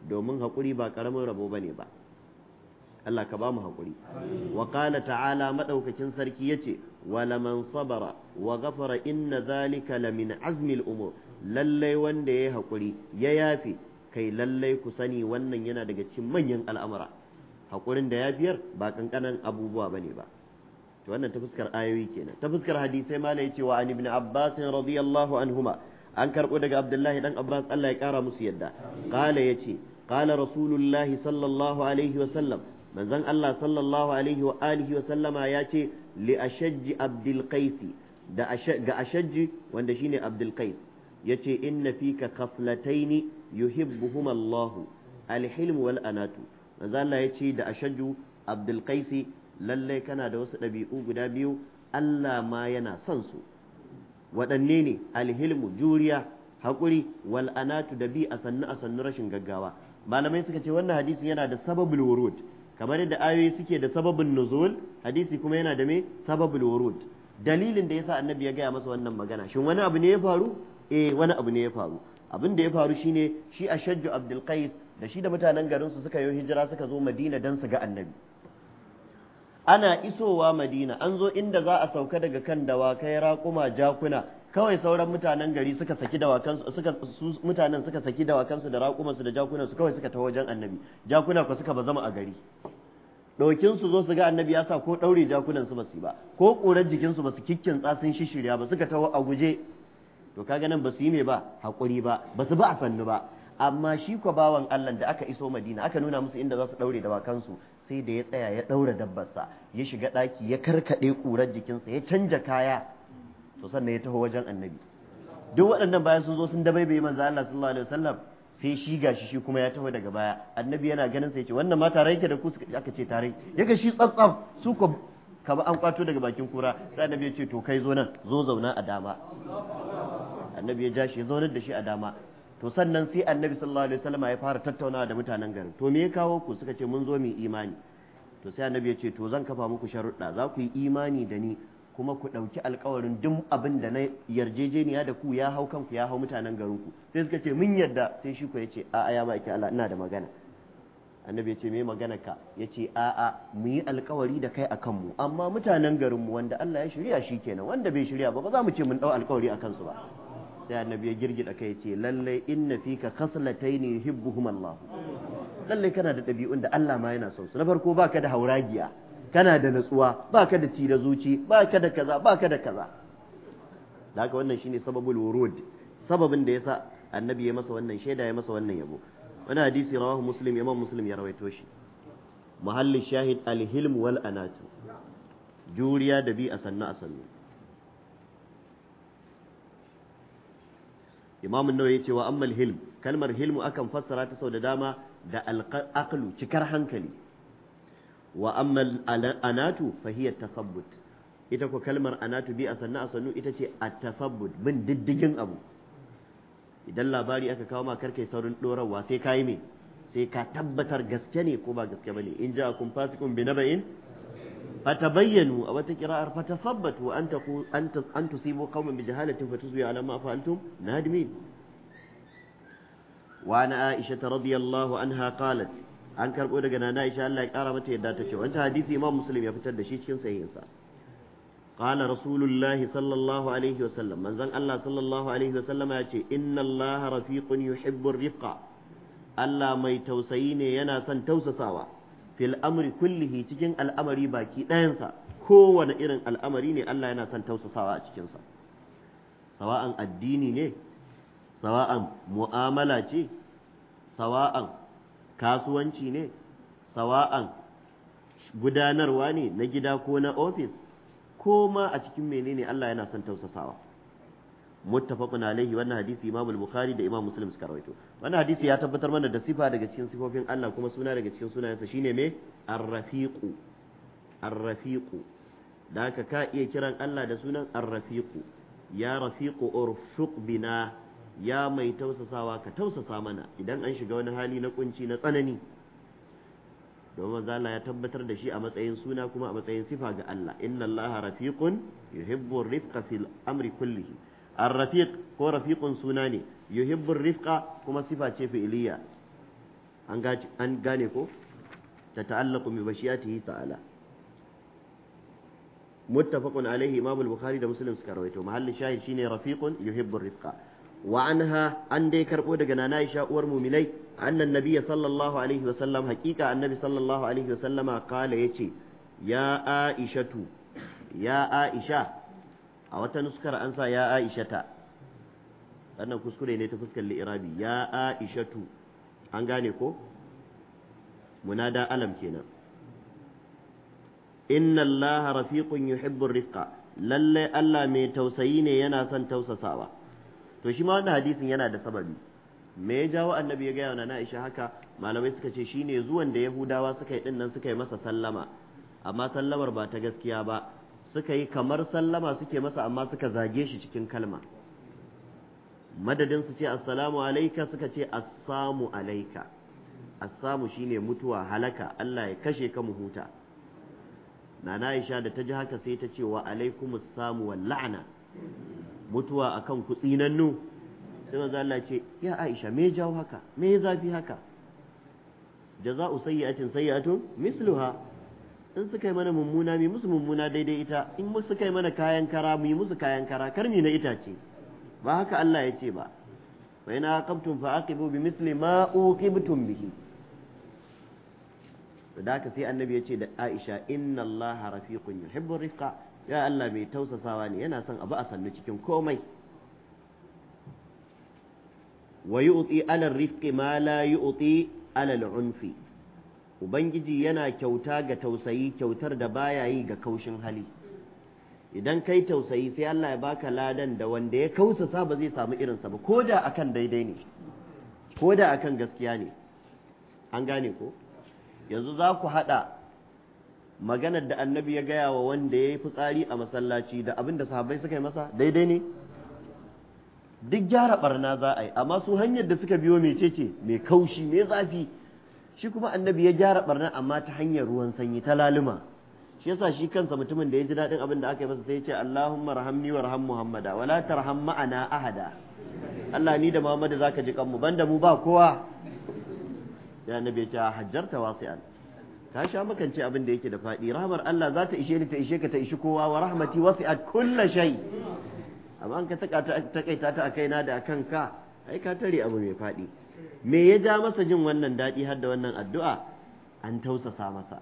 domin haƙuri ba ƙaramin rabo bane ba Allah ka ba mu haƙuri wa qala ta'ala madaukakin sarki yace wa laman sabara wa ghafara inna zalika lamin azmil umur lallai wanda ya yi haƙuri ya yafe kai lallai ku sani wannan yana daga cikin manyan al'amura haƙurin da yafiyar ba kankanan abubuwa bane ba, ne ba. to wannan ta fuskar ayoyi kenan ta fuskar hadisai mala yace wa an ibn abbas radiyallahu anhuma an karbo daga abdullahi dan abbas Allah ya kara musu yadda qala yace qala rasulullahi sallallahu alaihi wa sallam manzon Allah sallallahu alaihi wa alihi wa sallama yace li ashajj abdul qais da ga ashajj wanda shine abdul qais yace inna fika khaslataini yuhibbuhuma Allah alhilm wal anatu manzon Allah yace da ashajju abdul qaisi lallai kana da wasu ɗabi'u guda biyu Allah ma yana son su waɗanne ne alhilmu juriya haƙuri wal'anatu da bi a sannu a sannu rashin gaggawa malamai suka ce wannan hadisin yana da sababul wurud kamar yadda ayoyi suke da sababin nuzul hadisi kuma yana da me sababul wurud dalilin da ya sa annabi ya gaya masa wannan magana shin wani abu ne ya faru eh wani abu ne ya faru abin da ya faru shine shi ashajju abdul qais da shi da mutanen garin su suka yi hijira suka zo madina dan su ga annabi ana isowa madina an zo inda za a sauka daga kan dawakai raƙuma jakuna kawai sauran mutanen gari suka saki dawakansu suka su mutanen suka saki dawakansu da raƙumansu da jakunansu kawai suka taho wajen annabi jakuna ko suka bazama a gari ɗaukin su zo su ga annabi ya sa ko ɗaure jakunan su basu ba ko ƙurar jikin su basu kikkin tsasin shishirya ba suka taho a guje to kaga nan basu yi me ba haƙuri ba basu ba a sannu ba amma shi ko bawan Allah da aka iso Madina aka nuna musu inda za su ɗaure dawakansu sai da ya tsaya ya ɗaura dabbarsa ya shiga ɗaki ya karkaɗe ƙurar jikinsa ya canja kaya to sannan ya taho wajen annabi duk waɗannan bayan sun zo sun dabaibaye manzo Allah sallallahu alaihi wasallam sai shi gashi shi kuma ya taho daga baya annabi yana ganin sai ce wannan ma tare yake da ku aka ce tare yaga shi tsatsam su ko ka an kwato daga bakin kura sai annabi ya ce to kai zo nan zo zauna a dama annabi ya ja shi ya zaunar da shi a dama to sannan sai annabi sallallahu alaihi wasallam ya fara tattaunawa da mutanen garin to me ya kawo ku suka ce mun zo mu imani to sai annabi ya ce to zan kafa muku sharuɗa za ku yi imani da ni kuma ku ɗauki alkawarin duk abin da na yarjejeniya da ku ya hau kanku ya hau mutanen garin ku. sai suka ce mun yarda sai shi ku ya ce a'a ya ma'aikin Allah ina da magana annabi ya ce me magana ka ya ce a'a mu yi alkawari da kai akan mu amma mutanen mu wanda Allah ya shirya shi kenan wanda bai shirya ba ba za mu ce mun ɗau alkawari akan su ba sai annabi ya girgida kai ce lalle inna fika khaslatayn yuhibbuhum Allah lalle kana da ɗabi'un da Allah ma yana son su na farko baka da hauragiya kana da natsuwa baka da ci da zuci baka da kaza baka da kaza da haka wannan shine sababul wurud sababin da yasa annabi ya masa wannan shaida ya masa wannan yabo wannan hadisi rawahu muslim imam muslim ya rawaito shi muhalli shahid alhilm wal anatu juriya da bi a sannu a sannu imam nawa ya ce wa ammal hilm kalmar hilmu akan fassara ta sau da dama da al-aqlu cikar hankali wa ammal anatu fahiyar tasabbut ita ko kalmar anatu bi asanna asannu ita ce a tasabbut bin diddigin abu idan labari aka kawo ma karkai saurin dorawa sai kai me sai ka tabbatar gaske ne ko ba gaske bane in kun fasiqun bi naba'in فتبينوا أو تقراء فتثبتوا أن, تقو أن, تصيبوا قوما بجهالة فتزوي على ما فعلتم نادمين وعن عائشة رضي الله عنها قالت an karɓo daga nana Aisha Allah ya ƙara mata yadda ta hadisi Imam Muslim ya fitar da shi cikin sahihinsa qala rasulullahi sallallahu alaihi wasallam manzon Allah sallallahu alaihi wasallam ya ce inna Allah rafiqun yuhibbu rifqa Allah mai tausayi ne yana son tausasawa fil amri kullihi cikin al'amari baki ɗayansa kowane irin al'amari ne Allah yana son tausasawa a cikinsa sawa'an addini ne sawa'an mu'amala ce sawa'an kasuwanci ne sawa'an gudanarwa ne na gida ko na ofis ko ma a cikin menene Allah yana son tausasawa muttafaqun alaihi wannan hadisi Imam al-Bukhari da Imam Muslim suka rawaito wannan hadisi ya tabbatar mana da sifa daga cikin sifofin Allah kuma suna daga cikin sunayensa shine me ar-rafiqu ar-rafiqu da haka ka iya kiran Allah da sunan ar-rafiqu ya rafiqu urfuq bina ya mai tausasawa ka tausasa mana idan an shiga wani hali na kunci na tsanani domin Allah ya tabbatar da shi a matsayin suna kuma a matsayin sifa ga Allah inna Allah rafiqun yuhibbu rifqa fil amri kullihi ar-rafiq ko rafiqun suna ne yuhibbur rifqa kuma sifa ce fi'iliya an gane ko ta ta'allaqu bi bashiyatihi ta'ala muttafaqun alaihi da muslim suka shahid shine rafiqun yuhibbur rifqa wa anha an dai karbo daga nana Aisha uwar mu'minai annan nabiyya sallallahu alaihi wa sallam haqiqa annabi sallallahu alaihi wa yace ya ya aisha a wata nuskar an sa ya aishata wannan kuskure ne ta fuskar li'irabi ya aishatu an gane ko munada alam kenan inna allaha rafiqun yuhibbu rifqa lalle Allah mai tausayi ne yana son tausasawa to shi ma wannan hadisin yana da sababi me ya jawo annabi ya gaya yana na Aisha haka malamai suka ce shine zuwan da Yahudawa suka yi dinnan suka yi masa sallama amma sallamar ba ta gaskiya ba suka yi kamar sallama suke masa amma suka zage shi cikin kalma madadin su ce assalamu alaika suka ce assamu alaika assamu shine mutuwa halaka Allah ya kashe ka mu huta nana Aisha da ta ji haka sai ta ce wa alaikumus samu wal la'na mutuwa akan ku tsinannu sai manzo Allah ce ya Aisha me jawo haka me zafi haka jaza'u sayyi'atin sayyi'atun misluha in suka yi mana mummuna mu musu mummuna daidai ita in musu suka yi mana kayan kara mu musu kayan kara kar mi na itace ba haka Allah ya ce ba wa ina aqabtum fa aqibu bi misli ma uqibtum bihi da ka sai annabi ya ce da Aisha inna Allah rafiqun yuhibbu rifqa ya Allah mai tausasawa ne yana son abu a sannu cikin komai wa yu'ti ala rifqi ma la yu'ti ala al-unfi ubangiji yana kyauta ga tausayi kyautar da baya yi ga kaushin hali idan kai tausayi sai Allah ya baka ladan da wanda ya kausasa ba zai samu irinsa ba ko da akan daidai ne ko da akan gaskiya ne an gane ko yanzu za ku haɗa maganar da annabi ya gaya wa wanda ya yi fitsari a masallaci da abin da sahabbai suka yi masa daidai ne duk gyara barna za a yi amma su hanyar da suka biyo mecece mai kaushi mai zafi shi kuma annabi ya gyara barna amma ta hanyar ruwan sanyi ta laluma shi yasa shi kansa mutumin da ya ji daɗin abin da aka yi masa sai ya ce Allahumma rahamni wa raham Muhammada wala tarham ma'ana ahada Allah ni da Muhammadu zaka ji kanmu banda mu ba kowa ya annabi ya ce hajjarta wasi'an Ta sha makance abin da yake da faɗi rahmar Allah za ta ishe ni ta ishe ka ta ishi kowa wa rahmati wasi'at kullu shay amma an ka taka ta takaita ta akai na da akan ka ai ka tare abu mai faɗi me ya ja masa jin wannan daɗi har da wannan addu'a an tausasa masa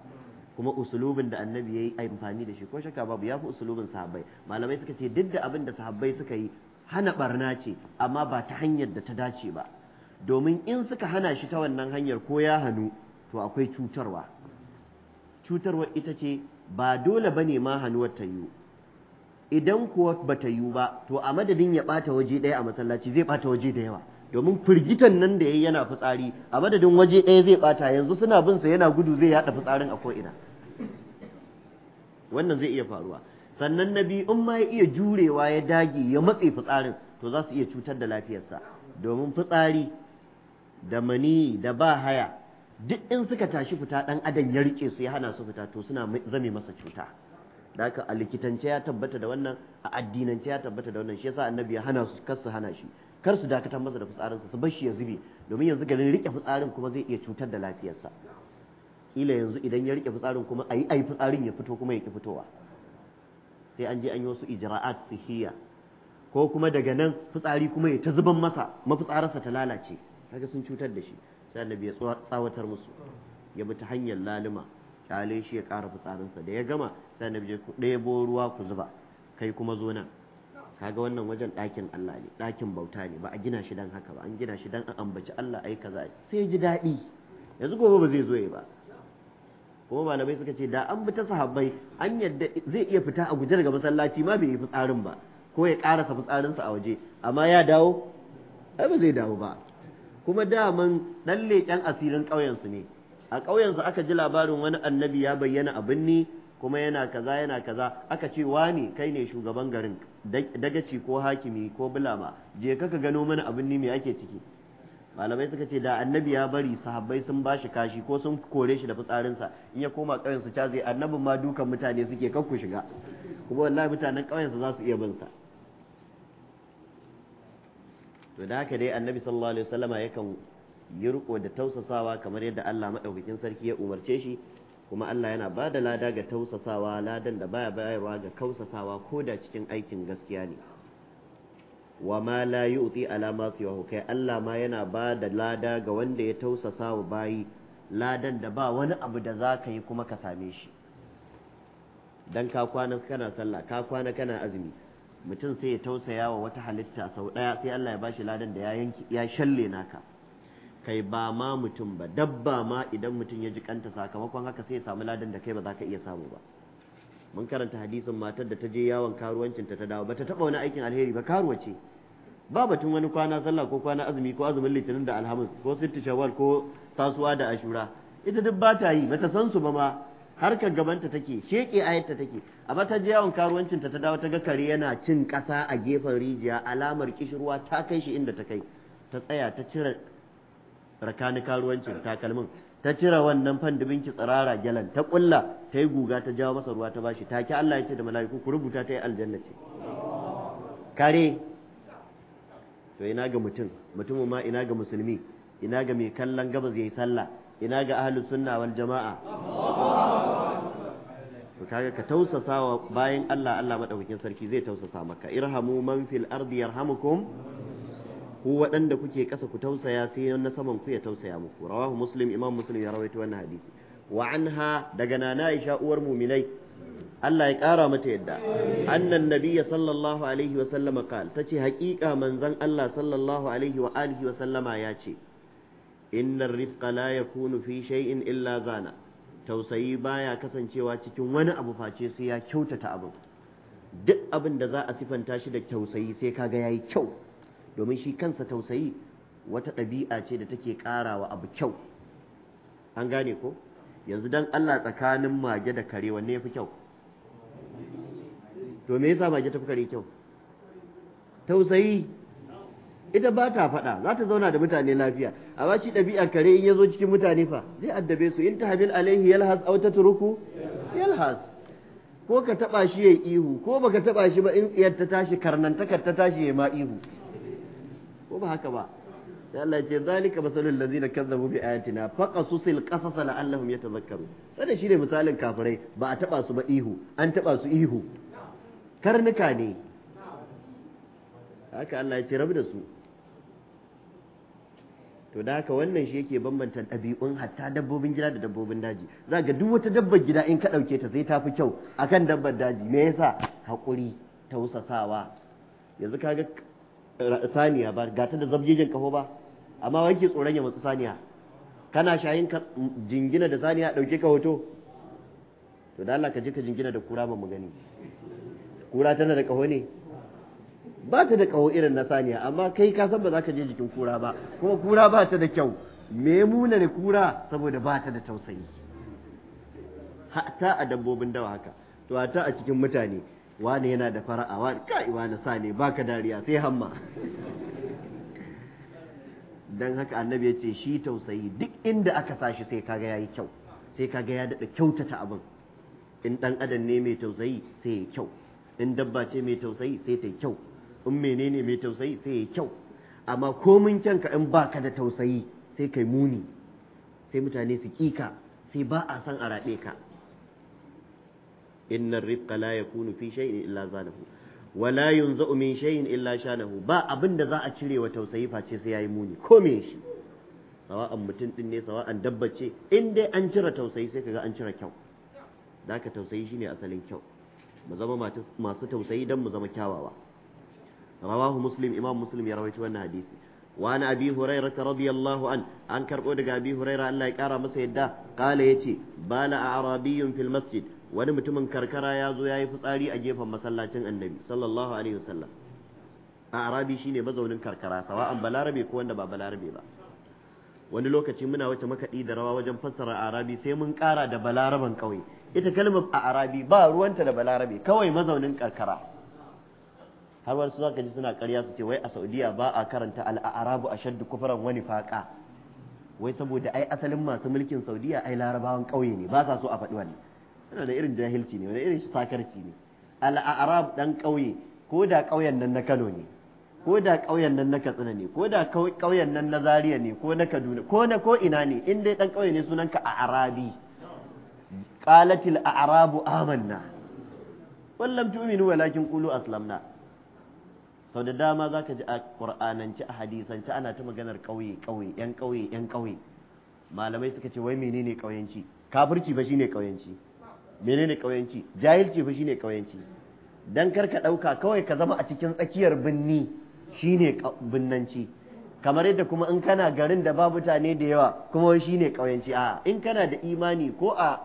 kuma usulubin da annabi ya yi amfani da shi ko shaka babu ya fi usulubin sahabbai malamai suka ce duk da abin da sahabbai suka yi hana barna ce amma ba ta hanyar da ta dace ba domin in suka hana shi ta wannan hanyar ko ya hannu to akwai cutarwa cutarwa ita ce ba dole ba ne ma hannuwar ta yiwu idan kuwa ba ta yiwu ba to a madadin ya ɓata waje ɗaya a masallaci zai ɓata waje da yawa domin firgitan nan da yayi yana fitsari a madadin waje ɗaya zai bata yanzu suna bin sa yana gudu zai yada fitsarin a ko'ina. ina wannan zai iya faruwa sannan na biyu in ma ya iya jurewa ya dage ya matse fitsarin to za su iya cutar da lafiyarsa domin fitsari da mani da ba haya duk in suka tashi fita dan adam ya rike su ya hana su fita to suna zame masa cuta da haka a likitance ya tabbata da wannan a addinance ya tabbata da wannan shi yasa annabi ya hana su kar su hana shi kar su dakatar masa da fitsarinsa su bar shi ya zube domin yanzu garin rike fitsarin kuma zai iya cutar da lafiyarsa kila yanzu idan ya rike fitsarin kuma ayi ayi fitsarin ya fito kuma ya ki fitowa sai an je an yi wasu ijra'at sihiya ko kuma daga nan fitsari kuma ya ta zuban masa mafitsararsa ta lalace kaga sun cutar da shi sai annabi ya tsawatar musu ya bi ta hanyar laluma kyale shi ya kara fitsarinsa da ya gama sai annabi ya ɗebo ruwa ku zuba kai kuma zo nan kaga wannan wajen ɗakin Allah ne ɗakin bauta ne ba a gina shi dan haka ba an gina shi dan an ambaci Allah ai kaza sai ji daɗi yanzu gobe ba zai zo ba kuma malamai suka ce da an bi ta sahabbai an yadda zai iya fita a guje daga masallaci ma bai yi fitsarin ba ko ya karasa fitsarinsa a waje amma ya dawo ai ba zai dawo ba kuma da daman ɗan leƙen asirin ƙauyensu ne a ƙauyensu aka ji labarin wani annabi ya bayyana abin binni kuma yana kaza yana kaza aka ce wani kai ne shugaban garin dagaci ko hakimi ko bulama je kaka gano mana abin ne mai ake ciki malamai suka ce da annabi ya bari sahabbai sun bashi kashi ko sun kore shi da fitsarinsa in ya koma ƙauyen su zai annabin ma dukan mutane suke kan shiga kuma wallahi mutanen ƙauyen su za su iya bin sa to da haka dai annabi sallallahu alaihi wasallama yakan yi da tausasawa kamar yadda Allah madaukakin sarki ya umarce shi kuma Allah yana ba da lada ga tausasawa ladan da baya bayarwa ga kausasawa ko da cikin aikin gaskiya ne wa ma la yu'ti ala ma siwahu kai Allah ma yana ba da lada ga wanda ya tausasa wa bayi ladan da ba wani abu da za yi kuma ka same shi dan ka kwana kana sallah ka kwana kana azumi mutum sai ya tausaya wa wata halitta sau daya sai Allah ya bashi ladan da ya yanki ya shalle naka kai ba ma mutum ba dabba ma idan mutum ya ji kanta sakamakon haka sai ya samu ladan da kai ba za ka iya samu ba mun karanta hadisin matar da ta je yawon karuwancin ta dawo ba ta taɓa wani aikin alheri ba karuwa ce ba batun wani kwana sallah ko kwana azumi ko azumin litinin da alhamis ko sittu shawwal ko tasuwa da ashura ita duk ba ta yi bata san su ba ma harkar gabanta take sheke ayatta take amma ta je yawon karuwancinta ta dawo ta ga kare yana cin kasa a gefen rijiya alamar kishirwa ta kai shi inda ta kai ta tsaya ta cire rakani karuwancin takalmin ta cire wannan fandumin ki tsirara gyalan ta kulla ta yi guga ta jawo masa ruwa ta bashi take Allah ya ce da mala'iku ku rubuta ta yi aljanna ce kare to ina ga mutum mutumin ma ina ga musulmi ina ga mai kallon gabas yayi sallah ina ga ahlus sunna wal jama'a to kaga ka tausasa wa bayan Allah Allah madaukakin sarki zai tausasa maka irhamu man fil ardi yarhamukum ku waɗanda kuke ƙasa ku tausaya sai na saman ku ya tausaya muku rawahu muslim imam muslim ya rawaito wannan hadisi wa anha daga nana aisha uwar muminai Allah ya ƙara mata yadda annan nabiyya sallallahu alaihi wa sallama qal tace haƙiƙa manzon Allah sallallahu alaihi wa alihi wa sallama ya ce innar rifqa la yakunu fi shay'in illa zana tausayi baya kasancewa cikin wani abu face sai ya kyautata abu duk abin da za a sifanta shi da tausayi sai kaga yayi kyau domin shi kansa tausayi wata ɗabi'a ce da take ƙarawa abu kyau an gane ko yanzu don Allah tsakanin mage da kare wanne yafi kyau to me yasa mage tafi kare kyau tausayi ita ba ta faɗa za ta zauna da mutane lafiya amma shi ɗabi'a kare in ya zo cikin mutane fa zai addabe su in ta tahabil alaihi yalhas aw tatruku yalhas ko ka taba shi yayi ihu ko baka taba shi ba in tsiyar ta tashi takar ta tashi yayi ma ihu ko ba haka ba sai Allah ya ce zalika masalul ladzina kazzabu bi ayatina faqasusil qasas la'allahum yatazakkaru wannan shine misalin kafirai ba a taba su ba ihu an taba su ihu karnuka ne haka Allah ya ce rabu da su to da haka wannan shi yake bambanta ɗabi'un hatta dabbobin gida da dabbobin daji za ga duk wata dabbar gida in ka ɗauke ta sai tafi kyau akan dabbar daji me yasa haƙuri tausasawa yanzu kaga saniya ba ga ta da zabjejin kafo ba amma wanke tsoron ya matsu saniya kana shayin ka jingina da saniya dauke ka hoto to da Allah ka je ka jingina da kura mu gani kura tana da kaho ne ba ta da kaho irin na saniya amma kai ka san ba za ka je jikin kura ba kuma kura ba ta da kyau me muna da kura saboda ba ta da tausayi hatta a dabbobin dawa haka to hatta a cikin mutane wani yana da fara'a wani kai na sa ne baka dariya sai hamma dan haka annabi ya ce shi tausayi duk inda aka sashi sai kaga yayi kyau sai kaga ya dada kyautata abin in dan adam ne mai tausayi sai ya kyau in dabba ce mai tausayi sai ta kyau in menene mai tausayi sai ya kyau amma komin kyanka in baka da tausayi sai kai muni sai mutane su kika sai ba a san a raɗe ka innar rifqa la yakunu fi shay'in illa zanahu wa la yunza'u illa shanahu ba abin da za cire wa tausayi face sai yayi muni ko me shi sawa'an mutum din ne sawa'an dabba ce in dai an cire tausayi sai kaga an cire kyau da ka tausayi shine asalin kyau mu zama masu tausayi dan mu zama kyawawa rawahu muslim imam muslim ya rawaito wannan hadisi wa ana abi hurairah radiyallahu an an karbo daga abi hurairah Allah ya kara masa yadda ya ce bala arabiyyun fil masjid wani mutumin karkara ya zo ya yi fitsari a gefen masallacin annabi sallallahu alaihi wasallam a arabi shine mazaunin karkara sawa'an balarabe ko wanda ba balarabe ba wani lokaci muna wata makaɗi da rawa wajen fassara arabi sai mun ƙara da balaraban ƙauye ita kalmar a arabi ba ruwanta da balarabe kawai mazaunin karkara har wasu zaka ji suna ƙarya su ce wai a saudiya ba a karanta al'arabu a shaddu kufaran wani faƙa wai saboda ai asalin masu mulkin saudiya ai larabawan ƙauye ne ba sa so a faɗi wannan yana da irin jahilci ne wani irin sakarci ne al'arab dan ƙauye ko da ƙauyen nan na kano ne ko da ƙauyen nan na katsina ne ko da ƙauyen nan na zaria ne ko na kaduna ko na ko ina ne in dai ɗan ƙauye ne sunanka a arabi qalatil a'rabu amanna wallam tu'minu walakin qulu aslamna sau da dama za ka ji a qur'anance a hadisanci ana ta maganar ƙauye ƙauye yan ƙauye yan ƙauye malamai suka ce wai menene ƙauyenci kafirci ba ne ƙauyenci menene ƙauyanci jahilci fi shine ƙauyanci dan kar ka ɗauka kawai ka zama a cikin tsakiyar binni shine binnanci kamar yadda kuma in kana garin da ba mutane da yawa kuma shine ƙauyanci a in kana da imani ko a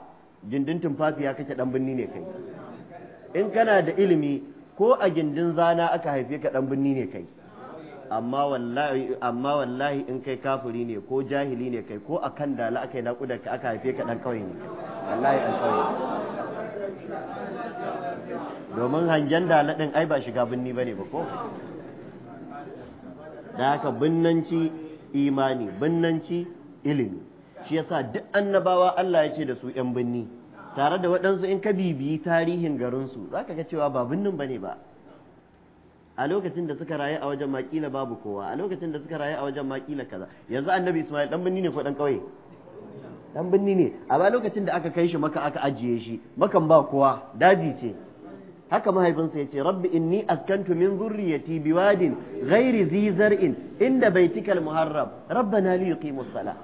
gindin fafiya kake dan binni ne kai in kana da ilimi ko a gindin zana aka haife ka dan binni ne kai amma wallahi amma wallahi in kai kafiri ne ko jahili ne kai ko akan dala aka yi naƙuda ka aka haife ka dan kawai ne wallahi dan kawai domin hangen ladin ai ba shiga binni ba ne ba ko da haka binnanci imani binnanci ilimi shi yasa duk annabawa Allah ya ce da su ‘yan binni tare da waɗansu in ka bibiyi tarihin garinsu za ka ga cewa ba binnin ba ne ba a lokacin da suka rayu a wajen makila babu kowa a lokacin da suka rayu a wajen makila kaza yanzu annabi ismail dan binni ne ko dan kauye dan binni ne a ba lokacin da aka kai shi maka aka ajiye shi makan ba kowa daji ce haka mahaifinsa ya ce rabbi inni askantu min zurriyati biwadin ghairi zi zar'in inda baitikal muharram rabbana li yuqimus sala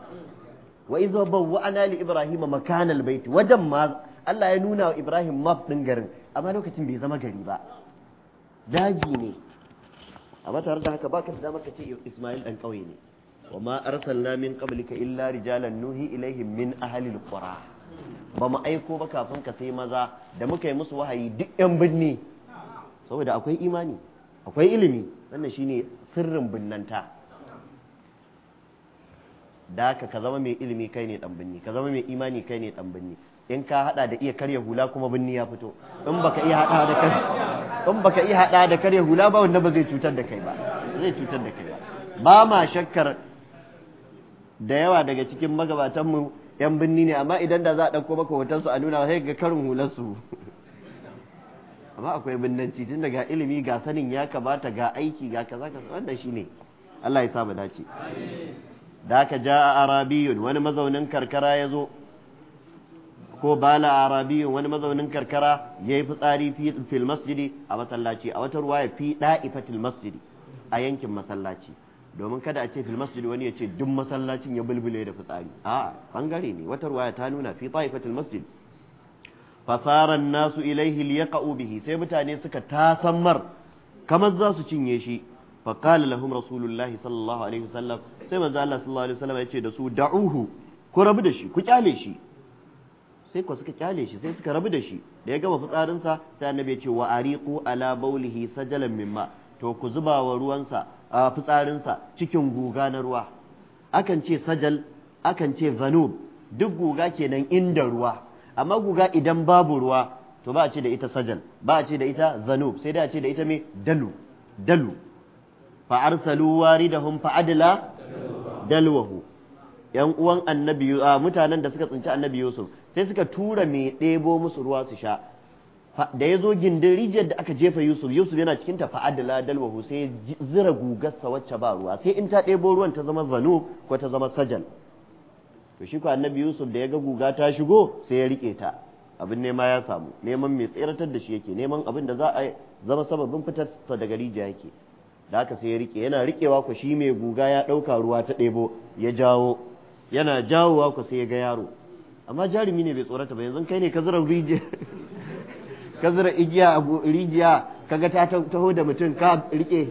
wa idza bawwa'na li ibrahima makana albayt wajen ma Allah ya nuna wa Ibrahim map din garin amma lokacin bai zama gari ba daji ne amma tare da haka baka da damar ka ce Ismail dan kauye ne wa ma arsalna min qablika illa rijalan nuhi ilaihim min ahli alqura ba mu aiko ba kafin ka sai maza da muka yi musu wahayi duk yan binni saboda akwai imani akwai ilimi wannan shine sirrin binnanta da ka ka zama mai ilimi kai ne dan binni ka zama mai imani kai ne dan binni in ka hada da iya karya hula kuma binni ya fito in baka iya hada da karya in baka iya hada da karya hula ba wanda ba zai cutar da kai ba zai cutar da kai ba ba ma shakkar da yawa daga cikin magabatanmu yan binni ne amma idan da za a ɗauko maka hotonsu a nuna sai ga karin hularsu amma akwai binnanci tun daga ilimi ga sanin ya kamata ga aiki ga kaza kaza wannan shine Allah ya sa mu dace da aka ja arabiyun wani mazaunin karkara ya zo ko bala arabiyun wani mazaunin karkara ya yi fitsari fil masjidi a masallaci a wata ruwa ya fi da'ifatil masjidi a yankin masallaci domin kada a ce fil masjid wani ya ce duk masallacin ya bulbule da fitsari a bangare ne wata ruwaya ta nuna fi taifatul masjid fasaran nasu ilaihi liyaqa'u bihi sai mutane suka tasammar kamar za su cinye shi fa qala lahum rasulullahi sallallahu alaihi wasallam sai manzo Allah sallallahu alaihi wasallam ya ce da su da'uhu ku rabu da shi ku kyale shi sai ku suka kyale shi sai suka rabu da shi da ya gama fitsarin sa sai annabi ya ce wa ariqu ala bawlihi sajalan mimma to ku zuba wa ruwansa a fitsarinsa cikin guga na ruwa akan ce sajal akan ce zanub duk guga kenan inda ruwa amma guga idan babu ruwa to ba a ce da ita sajal ba a ce da ita zanub sai dai a ce da ita me dalu dalu fa arsalu waridahum fa adla dalwahu yan uwan annabi mutanen da suka tsinci annabi Yusuf sai suka tura mai ɗebo musu ruwa su sha da ya zo gindin rijiyar da aka jefa yusuf yusuf yana cikin ta fa'adala dalwahu sai ya zira gugarsa wacce ba ruwa sai in ta ɗebo ruwan ta zama zanu ko ta zama sajal to shi ko annabi yusuf da ya ga guga ta shigo sai ya rike ta abin nema ya samu neman mai tseratar da shi yake neman abin da za a zama sababin fitar sa daga rijiya yake da haka sai ya rike yana rikewa ku shi mai guga ya ɗauka ruwa ta ɗebo ya jawo yana jawowa ku sai ya ga yaro amma jarumi ne bai tsorata ba yanzu kai ne ka zira rijiya ka zira igiya a ka ga ta taho da mutum ka rike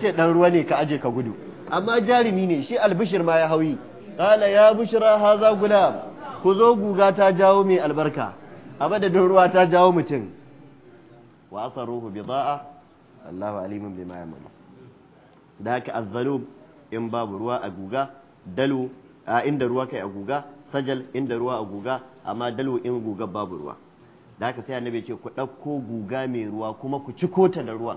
ce dan ruwa ne ka aje ka gudu amma jarumi ne shi albishir ma ya hauyi qala ya ha za guda ku zo guga ta jawo mai albarka abadadin ruwa ta jawo mutum wa asaruhu bida'a Allahu alimun bima ya'malu da haka azzalo in babu ruwa a guga dalu a inda ruwa kai a guga sajal inda ruwa a guga amma dalu in guga babu ruwa da haka sai annabi ce ku ɗauko guga mai ruwa kuma ku ci kota da ruwan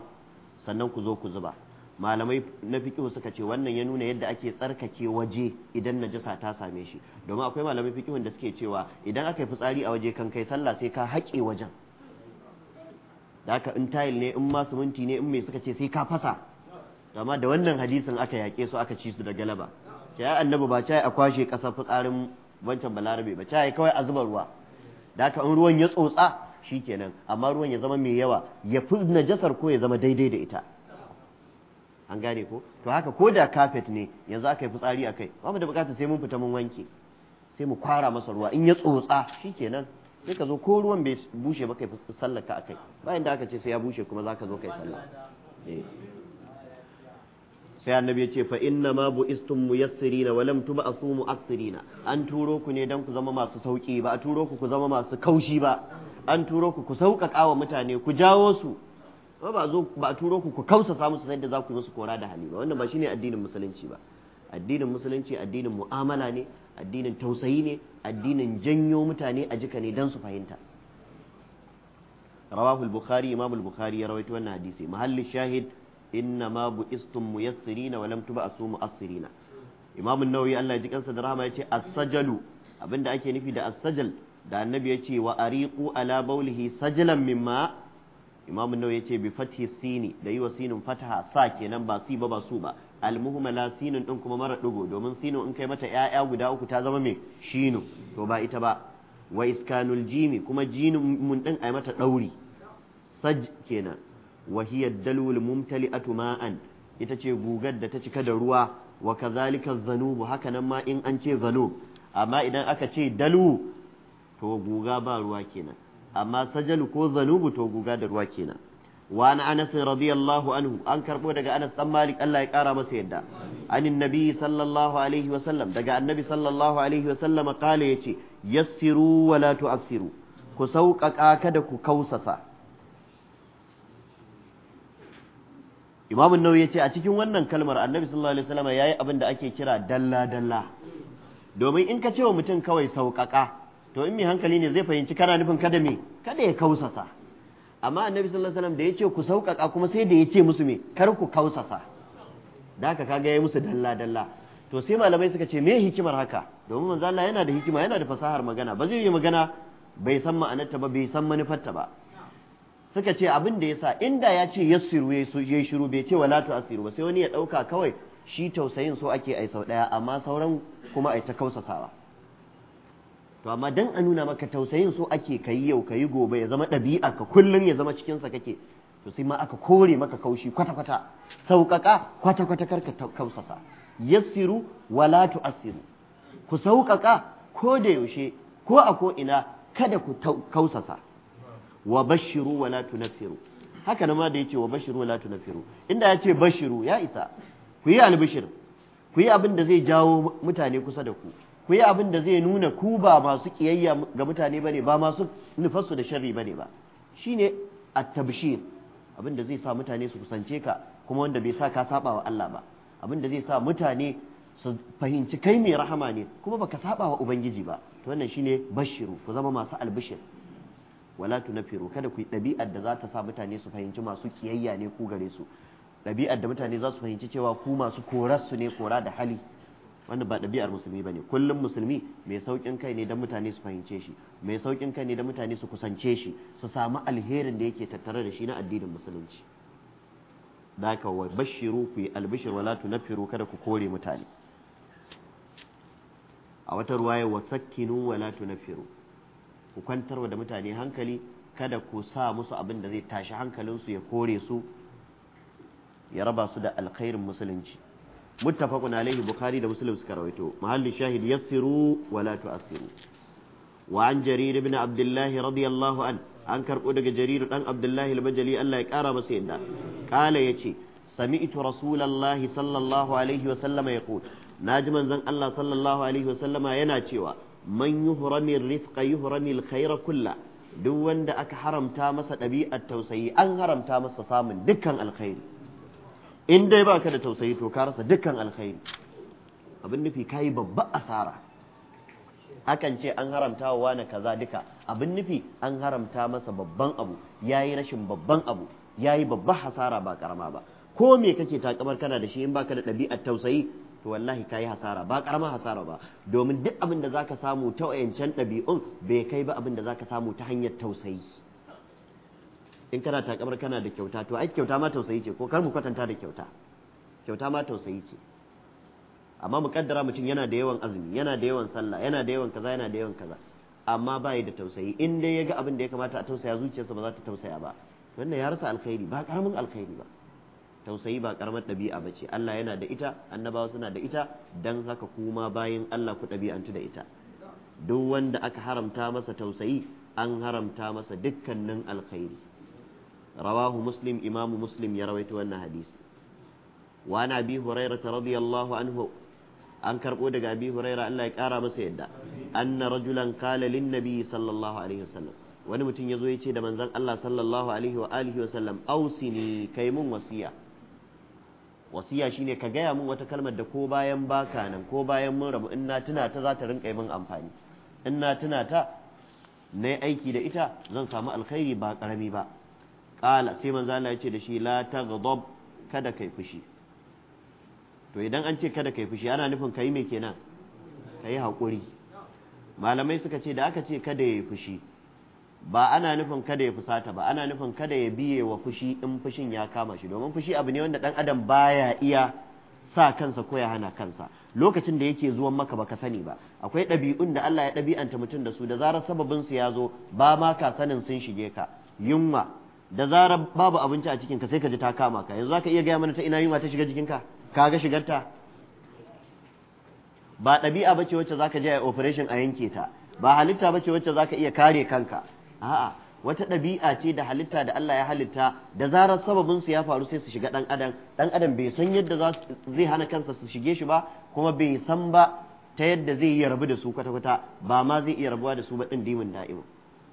sannan ku zo ku zuba malamai na fiƙi suka ce wannan ya nuna yadda ake tsarkake waje idan najasa ta same shi domin akwai malamai fiƙi da suke cewa idan aka yi fitsari a waje kan kai sallah sai ka haƙe wajen da haka in tayil ne in ma siminti ne in mai suka ce sai ka fasa amma da wannan hadisin aka yaƙe su aka ci su da galaba ta annabi ba ca a kwashe ƙasar fitsarin wancan balarabe ba ta kawai a zuba ruwa da in ruwan ya tsotsa shikenan amma ruwan ya zama mai yawa ya fi najasar ko ya zama daidai da ita an gane ko to haka ko da kafet ne yanzu aka yi fitsari a kai ba mu da bukatar sai mun fita mun wanke sai mu kwara masa ruwa in ya tsotsa shikenan sai ka zo ko ruwan bai bushe ba kai sallar ka a kai bayan da aka ce sai ya bushe kuma za ka zo kai sallah eh. sai annabi ya ce fa inna ma istum muyassirina wa lam tub'asu mu'assirina an turo ku ne dan ku zama masu sauki ba a turo ku ku zama masu kaushi ba an turo ku ku sauƙaƙa wa mutane ku jawo su ba zo ba turo ku ku kausa samu musu yadda za ku yi musu kora da hali ba wannan ba shine addinin musulunci ba addinin musulunci addinin mu'amala ne addinin tausayi ne addinin janyo mutane a jika ne dan su fahimta rawahu al-bukhari imam al-bukhari ya rawaito wannan hadisi muhalli shahid inna ma bu'istum muyassirina wa lam tub'asu mu'assirina Imam an-Nawawi Allah ya ji kansa da rahama yace as-sajalu abinda ake nufi da asajal da annabi yace wa ariqu ala baulihi sajalan mimma imamu nawawi yace bi fathi sini da yi wa sinin fataha sa kenan ba si ba ba su ba al sinin din kuma mara dugo domin sinin in kai mata yaya guda uku ta zama mai. shinu to ba ita ba wa iskanul jimi kuma jinin mun din ai mata dauri saj kenan Wahiyar Dalul dalwul mumtali'atu ma'an ita ce gugar da ta cika da ruwa wa kazalika zanubu haka nan ma in an ce zanub amma idan aka ce dalu to guga ba ruwa kenan amma sajalu ko zanubu to guga da ruwa kenan wa an anas radiyallahu anhu an karbo daga anas dan malik Allah ya kara masa yadda anin nabi sallallahu alaihi wa sallam daga annabi sallallahu alaihi wa sallam kale yace yassiru ku sauƙaƙa kada ku kausasa Imam Nawawi ya ce a cikin wannan kalmar Annabi sallallahu alaihi wasallam yayi abin da ake kira dalla dalla domin in ka ce wa mutum kawai sauƙaƙa to in mai hankali ne zai fahimci kana nufin kada me kada ya kausasa amma Annabi sallallahu alaihi wasallam da yace ku sauƙaƙa kuma sai da yace musu me kar ku kausasa da haka kaga yayi musu dalla dalla to sai malamai suka ce me hikimar haka domin manzo Allah yana da hikima yana da fasahar magana ba zai yi magana bai san ma'anarta ba bai san manufarta ba suka ce abin da sa inda ya ce yassiru ya shiru bai ce wala asiru ba sai wani ya ɗauka kawai shi tausayin so ake ai sau daya amma sauran kuma ai ta kausasawa to amma dan a nuna maka tausayin so ake kayi yau kayi gobe ya zama ɗabi'a ka kullum ya zama cikin sa kake to sai ma aka kore maka kaushi kwata kwata sauƙaƙa kwata kwata karka kausasa yassiru wala asiru ku sauƙaƙa ko da yaushe ko a ko ina kada ku kausasa wa bashiru wa la tunaffiru haka nan ma da yace wa bashiru wa la tunaffiru inda yace bashiru ya isa ku yi albishir ku yi abin da zai jawo mutane kusa da ku ku yi abin da zai nuna ku ba masu kiyayya ga mutane bane ba masu nufarsu da sharri bane ba shine at-tabshir abin da zai sa mutane su kusance ka kuma wanda bai sa ka saba wa Allah ba abin da zai sa mutane su fahimci kai mai rahama ne kuma baka saba wa ubangiji ba to wannan shine bashiru ku zama masu albishir wala tunafiru kada ku yi ɗabi'ar da za ta sa mutane su fahimci masu kiyayya ne ku gare su ɗabi'ar da mutane za su fahimci cewa ku masu korar su ne kora da hali wanda ba ɗabi'ar musulmi ba ne kullum musulmi mai sauƙin kai ne don mutane su fahimce shi mai sauƙin kai ne don mutane su kusance shi su samu alherin da yake tattare da shi na addinin musulunci ka wa bashiru ku yi albishir wala tunafiru kada ku kore mutane a wata ruwaya wa sakkinu wala tunafiru ku kwantarwa da mutane hankali kada ku sa musu abin da zai tashi hankalinsu ya kore su ya raba su da alkhairin musulunci muttafaqun alaihi bukhari da muslim suka rawaito mahalli shahid yassiru wa la tu'assiru wa an jarir ibn abdullah radiyallahu an an karbo daga jarir dan abdullah al-bajali Allah ya kara masa yadda kala yace sami'tu rasulullahi sallallahu alaihi wa sallama yaqul naji manzon Allah sallallahu alaihi wa sallama yana cewa man yuhrami rifqa yuhrami khaira kulla duk wanda aka haramta masa ɗabi'ar tausayi an haramta masa samun dukkan alkhairi in dai baka da tausayi to ka rasa dukkan alkhairi abin nufi kayi babba asara hakan ce an haramta wa wani kaza duka abin nufi an haramta masa babban abu yayi rashin babban abu yayi babba hasara ba karama ba ko me kake takamar kana da shi in baka da ɗabi'ar tausayi to wallahi kayi hasara ba karama hasara ba domin duk abin da zaka samu ta wayancan ɗabi'un bai kai ba abin da zaka samu ta hanyar tausayi in kana takamar kana da kyauta to ai kyauta ma tausayi ce ko kar mu kwatanta da kyauta kyauta ma tausayi ce amma mu kaddara mutum yana da yawan azumi yana da yawan sallah yana da yawan kaza yana da yawan kaza amma ba da tausayi in dai ya ga abin da ya kamata a tausaya zuciyarsa ba za ta tausaya ba wannan ya rasa alkhairi ba karamin alkhairi ba tausayi ba karamar ɗabi'a ba ce Allah yana da ita annabawa suna da ita don haka kuma bayan Allah ku ɗabi'antu da ita duk wanda aka haramta masa tausayi an haramta masa dukkanin alkhairi rawahu muslim imamu muslim ya rawaito wannan hadisi wa na bi ta radiyallahu anhu an karɓo daga abi huraira Allah ya ƙara masa yadda anna rajulan qala lin nabi sallallahu alaihi wasallam wani mutum yazo ya ce da manzon Allah sallallahu alaihi wa alihi wasallam ausini kai mun wasiya wasiya shine ka gaya min wata kalmar da ko bayan baka nan ko bayan mun rabu in na tuna ta za ta rinka min amfani in na tuna ta na aiki da ita zan samu alkhairi ba karami ba kala sai manzo Allah ya ce da shi la taghdab kada kai fushi to idan an ce kada kai fushi ana nufin kai me kenan kai hakuri malamai suka ce da aka ce kada yayi fushi ba ana nufin kada ya fusata ba ana nufin kada ya biye wa fushi in fushin ya kama shi domin fushi abu ne wanda dan adam baya iya sa kansa ko ya hana kansa lokacin da yake zuwan maka baka sani ba akwai ɗabi'un da Allah ya ɗabi'anta mutum da su da zarar sababin su ya zo ba ma ka sanin sun shige ka yunwa da zarar babu abinci a cikin ka sai ka ji ta kama ka yanzu zaka iya gaya mana ta ina yunwa ta shiga jikinka ka ga shigarta ba ɗabi'a bace wacce zaka je a operation a yanke ta ba halitta bace wacce zaka iya kare kanka a'a wata ɗabi'a ce da halitta da Allah ya halitta da zarar sababin su ya faru sai su shiga dan adam dan adam bai san yadda zai hana kansa su shige shi ba kuma bai san ba ta yadda zai yi rabu da su kwata kwata ba ma zai iya rabuwa da su ba din dimin da'im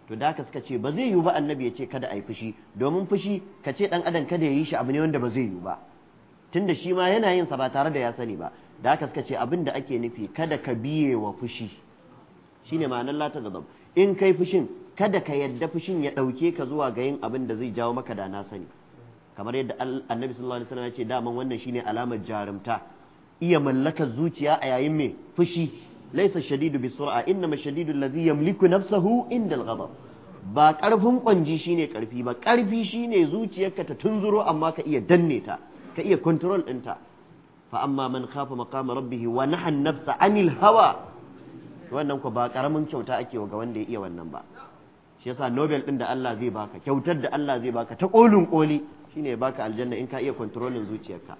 to da ka suka ce ba zai yiwu ba annabi ya ce kada a yi fushi domin fushi ka ce dan adam kada ya yi shi abu ne wanda ba zai yiwu ba tunda shi ma yana yin sa ba tare da ya sani ba da ka suka ce abin da ake nufi kada ka biye wa fushi shine ma'anar la ta in kai fushin kada ka yadda fushin ya ɗauke ka zuwa ga yin abin da zai jawo maka da na sani kamar yadda annabi sallallahu alaihi wasallam ya ce daman wannan shine alamar jarumta iya mallakar zuciya a yayin mai fushi laisa shadidu bi sur'a ma shadidu allazi yamliku nafsahu inda al-ghadab ba karfin kwanji shine karfi ba karfi shine zuciyarka ta tunzuro amma ka iya danne ta ka iya control ɗinta fa amma man khafa maqama rabbih wa nahan nafsa anil hawa wannan ko ba karamin kyauta ake wa ga wanda ya iya wannan ba shi yasa Nobel din da Allah zai baka kyautar da Allah zai baka ta kolin koli shine baka aljanna in ka iya kontrolin zuciyarka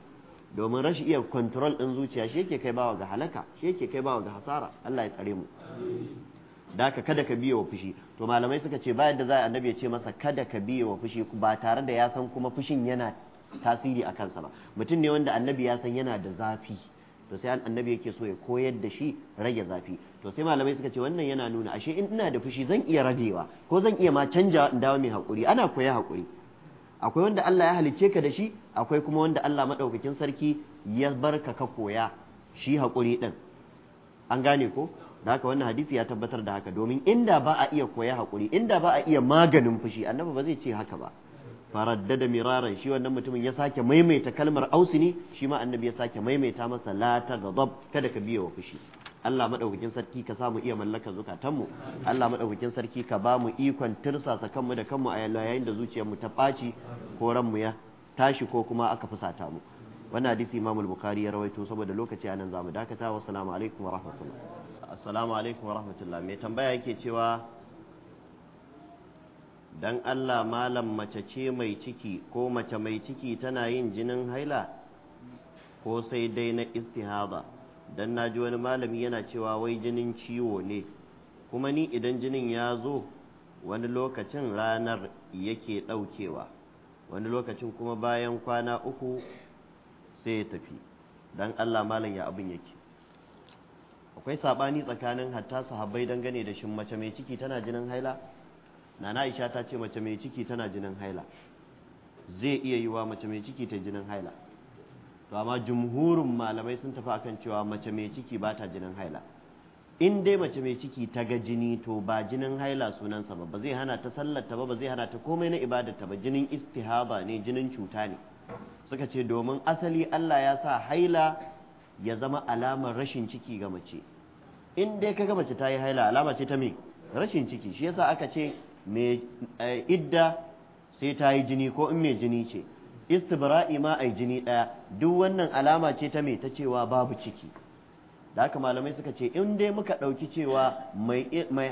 domin rashin iya kontrol din zuciya shi yake kai bawa ga halaka shi yake kai bawa ga hasara Allah ya tsare mu da ka kada ka biye wa fushi to malamai suka ce bayan da za a annabi ya ce masa kada ka biye wa fushi ba tare da ya san kuma fushin yana tasiri a kansa ba mutum ne wanda annabi ya san yana da zafi to sai annabi yake so ya koyar da shi rage zafi to sai malamai suka ce wannan yana nuna ashe in ina da fushi zan iya ragewa ko zan iya ma canja in dawo mai haƙuri ana koya haƙuri akwai wanda Allah ya halicce ka da shi akwai kuma wanda Allah madaukakin sarki ya barka ka koya shi haƙuri din an gane ko da haka wannan hadisi ya tabbatar da haka domin inda ba a iya koya haƙuri inda ba a iya maganin fushi annabi ba zai ce haka ba faraddada miraran shi wannan mutumin ya sake maimaita kalmar ausini shi ma annabi ya sake maimaita masa la ta gadab kada ka biyo wa fushi Allah madaukakin sarki ka samu iya mallaka mu Allah madaukakin sarki ka ba mu ikon tirsasa kanmu da kanmu a yalla yayin da zuciyarmu ta baci ko ranmu ya tashi ko kuma aka fusata mu wannan hadisi Imam al-Bukhari ya rawaito saboda lokaci anan zamu dakata wa assalamu alaikum wa rahmatullah assalamu alaikum wa rahmatullah mai tambaya yake cewa dan Allah malam mace ce mai ciki ko mace mai ciki tana yin jinin haila ko sai dai na istihada dan na ji wani malami yana cewa wai jinin ciwo ne kuma ni idan jinin ya zo wani lokacin ranar yake ɗaukewa wani lokacin kuma bayan kwana uku sai ya tafi dan Allah malam ya abin yake akwai saɓani tsakanin hatta sahabbai dangane da shin mace mai ciki tana jinin haila nana Aisha ta ce mace mai ciki tana jinin haila zai iya yiwa mace mai ciki ta jinin haila to amma jumhurin malamai sun tafi akan cewa mace mai ciki ba ta jinin haila in dai mace mai ciki ta ga jini to ba jinin haila sunansa ba ba zai hana ta sallata ba ba zai hana ta komai na ta ba jinin istihaba ne jinin cuta ne suka ce domin asali Allah ya sa haila ya zama alamar rashin ciki ga mace in dai kaga mace ta yi haila alama ce ta me rashin ciki shi yasa aka ce mai eh, idda sai ta yi jini ko in mai jini ce istibra'i ma ai jini ɗaya duk wannan alama ce ta me ta cewa babu ciki da haka malamai suka ce in dai muka ɗauki cewa mai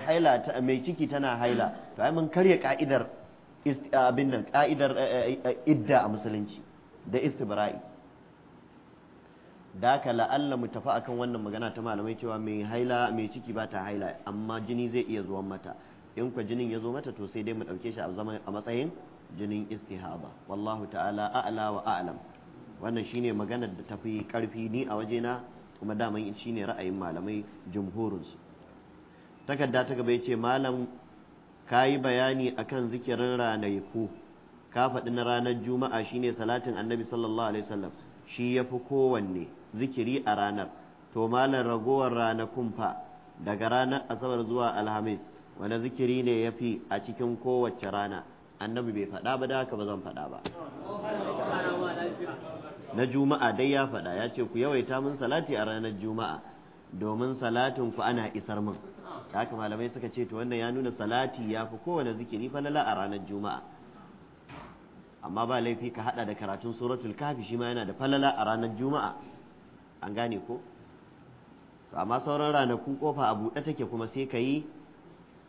haila mai ciki tana haila to ai mun karya ka'idar abin nan ka'idar eh, eh, eh, idda a musulunci da istibra'i da haka la'alla mu tafi akan wannan magana ta malamai cewa mai haila mai ciki ba ta haila amma jini zai iya zuwan mata in kwa jinin ya zo mata to sai dai mu ɗauke shi a matsayin jinin istihaba wallahu ta'ala a'la wa a'lam wannan shine maganar da tafi karfi ni a waje na kuma daman shine ra'ayin malamai jumhurinsu takarda ta gaba yace malam kayi bayani akan zikirin ranaku ka faɗi na ranar juma'a shine salatin annabi sallallahu alaihi wasallam shi yafi kowanne zikiri a ranar to malam ragowar ranakun fa daga ranar asabar zuwa alhamis wani zikiri ne yafi a cikin kowace rana annabi bai faɗa ba da haka ba zan faɗa ba na juma'a dai ya faɗa ya ce ku yawaita mun salati a ranar juma'a domin salatin ku ana isar mun da haka malamai suka ce to wannan ya nuna salati ya fi kowane zikiri falala a ranar juma'a amma ba laifi ka hada da karatun suratul kafi shi ma yana da falala a ranar juma'a an gane ko amma sauran ranaku kofa a buɗe take kuma sai ka yi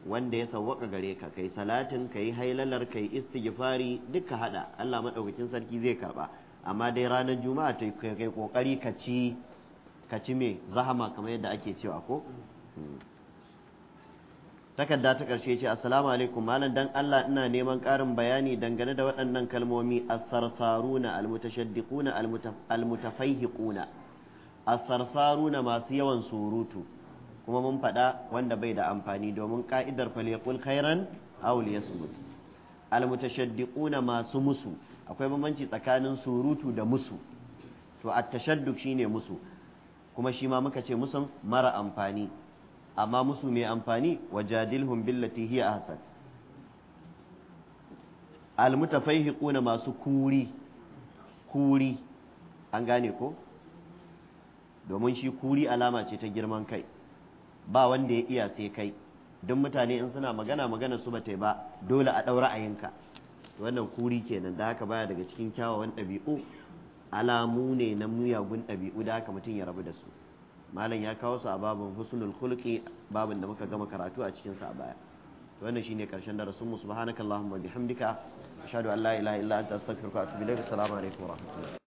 wanda ya sawwaka gare ka kai salatin kai hailalar kai istighfari duka hada Allah madaukakin sarki zai karba amma dai ranar juma'a ta kai kokari ka ci ka ci me zahama kamar yadda ake cewa ko hmm. takarda ta karshe ce assalamu alaikum malam dan Allah ina neman ƙarin bayani dangane da waɗannan kalmomi as-sarsaruna al-mutashaddiquna al-mutafayhiquna as-sarsaruna masu yawan surutu kuma mun faɗa wanda bai da amfani domin ka'idar falyaqul khairan aw liyasmut almutashaddiquna masu musu akwai bambanci tsakanin surutu da musu to at shine musu kuma shi ma muka ce musun mara amfani amma musu mai amfani wajadilhum billati hiya ahsan almutafaihiquna masu kuri kuri an gane ko domin shi kuri alama ce ta girman kai ba wanda ya iya sai kai duk mutane in suna magana magana su bata ba dole a ɗaura ayinka wannan kuri kenan da haka baya daga cikin kyawawan ɗabi'u alamu ne na muyagun ɗabi'u da haka mutum ya rabu da su malam ya kawo su a babin husnul khulqi babin da muka gama karatu a cikin sa a baya wannan shine karshen darasin mu subhanakallahumma bihamdika ashhadu an la ilaha illa anta astaghfiruka wa atubu ilaik assalamu alaikum wa rahmatullahi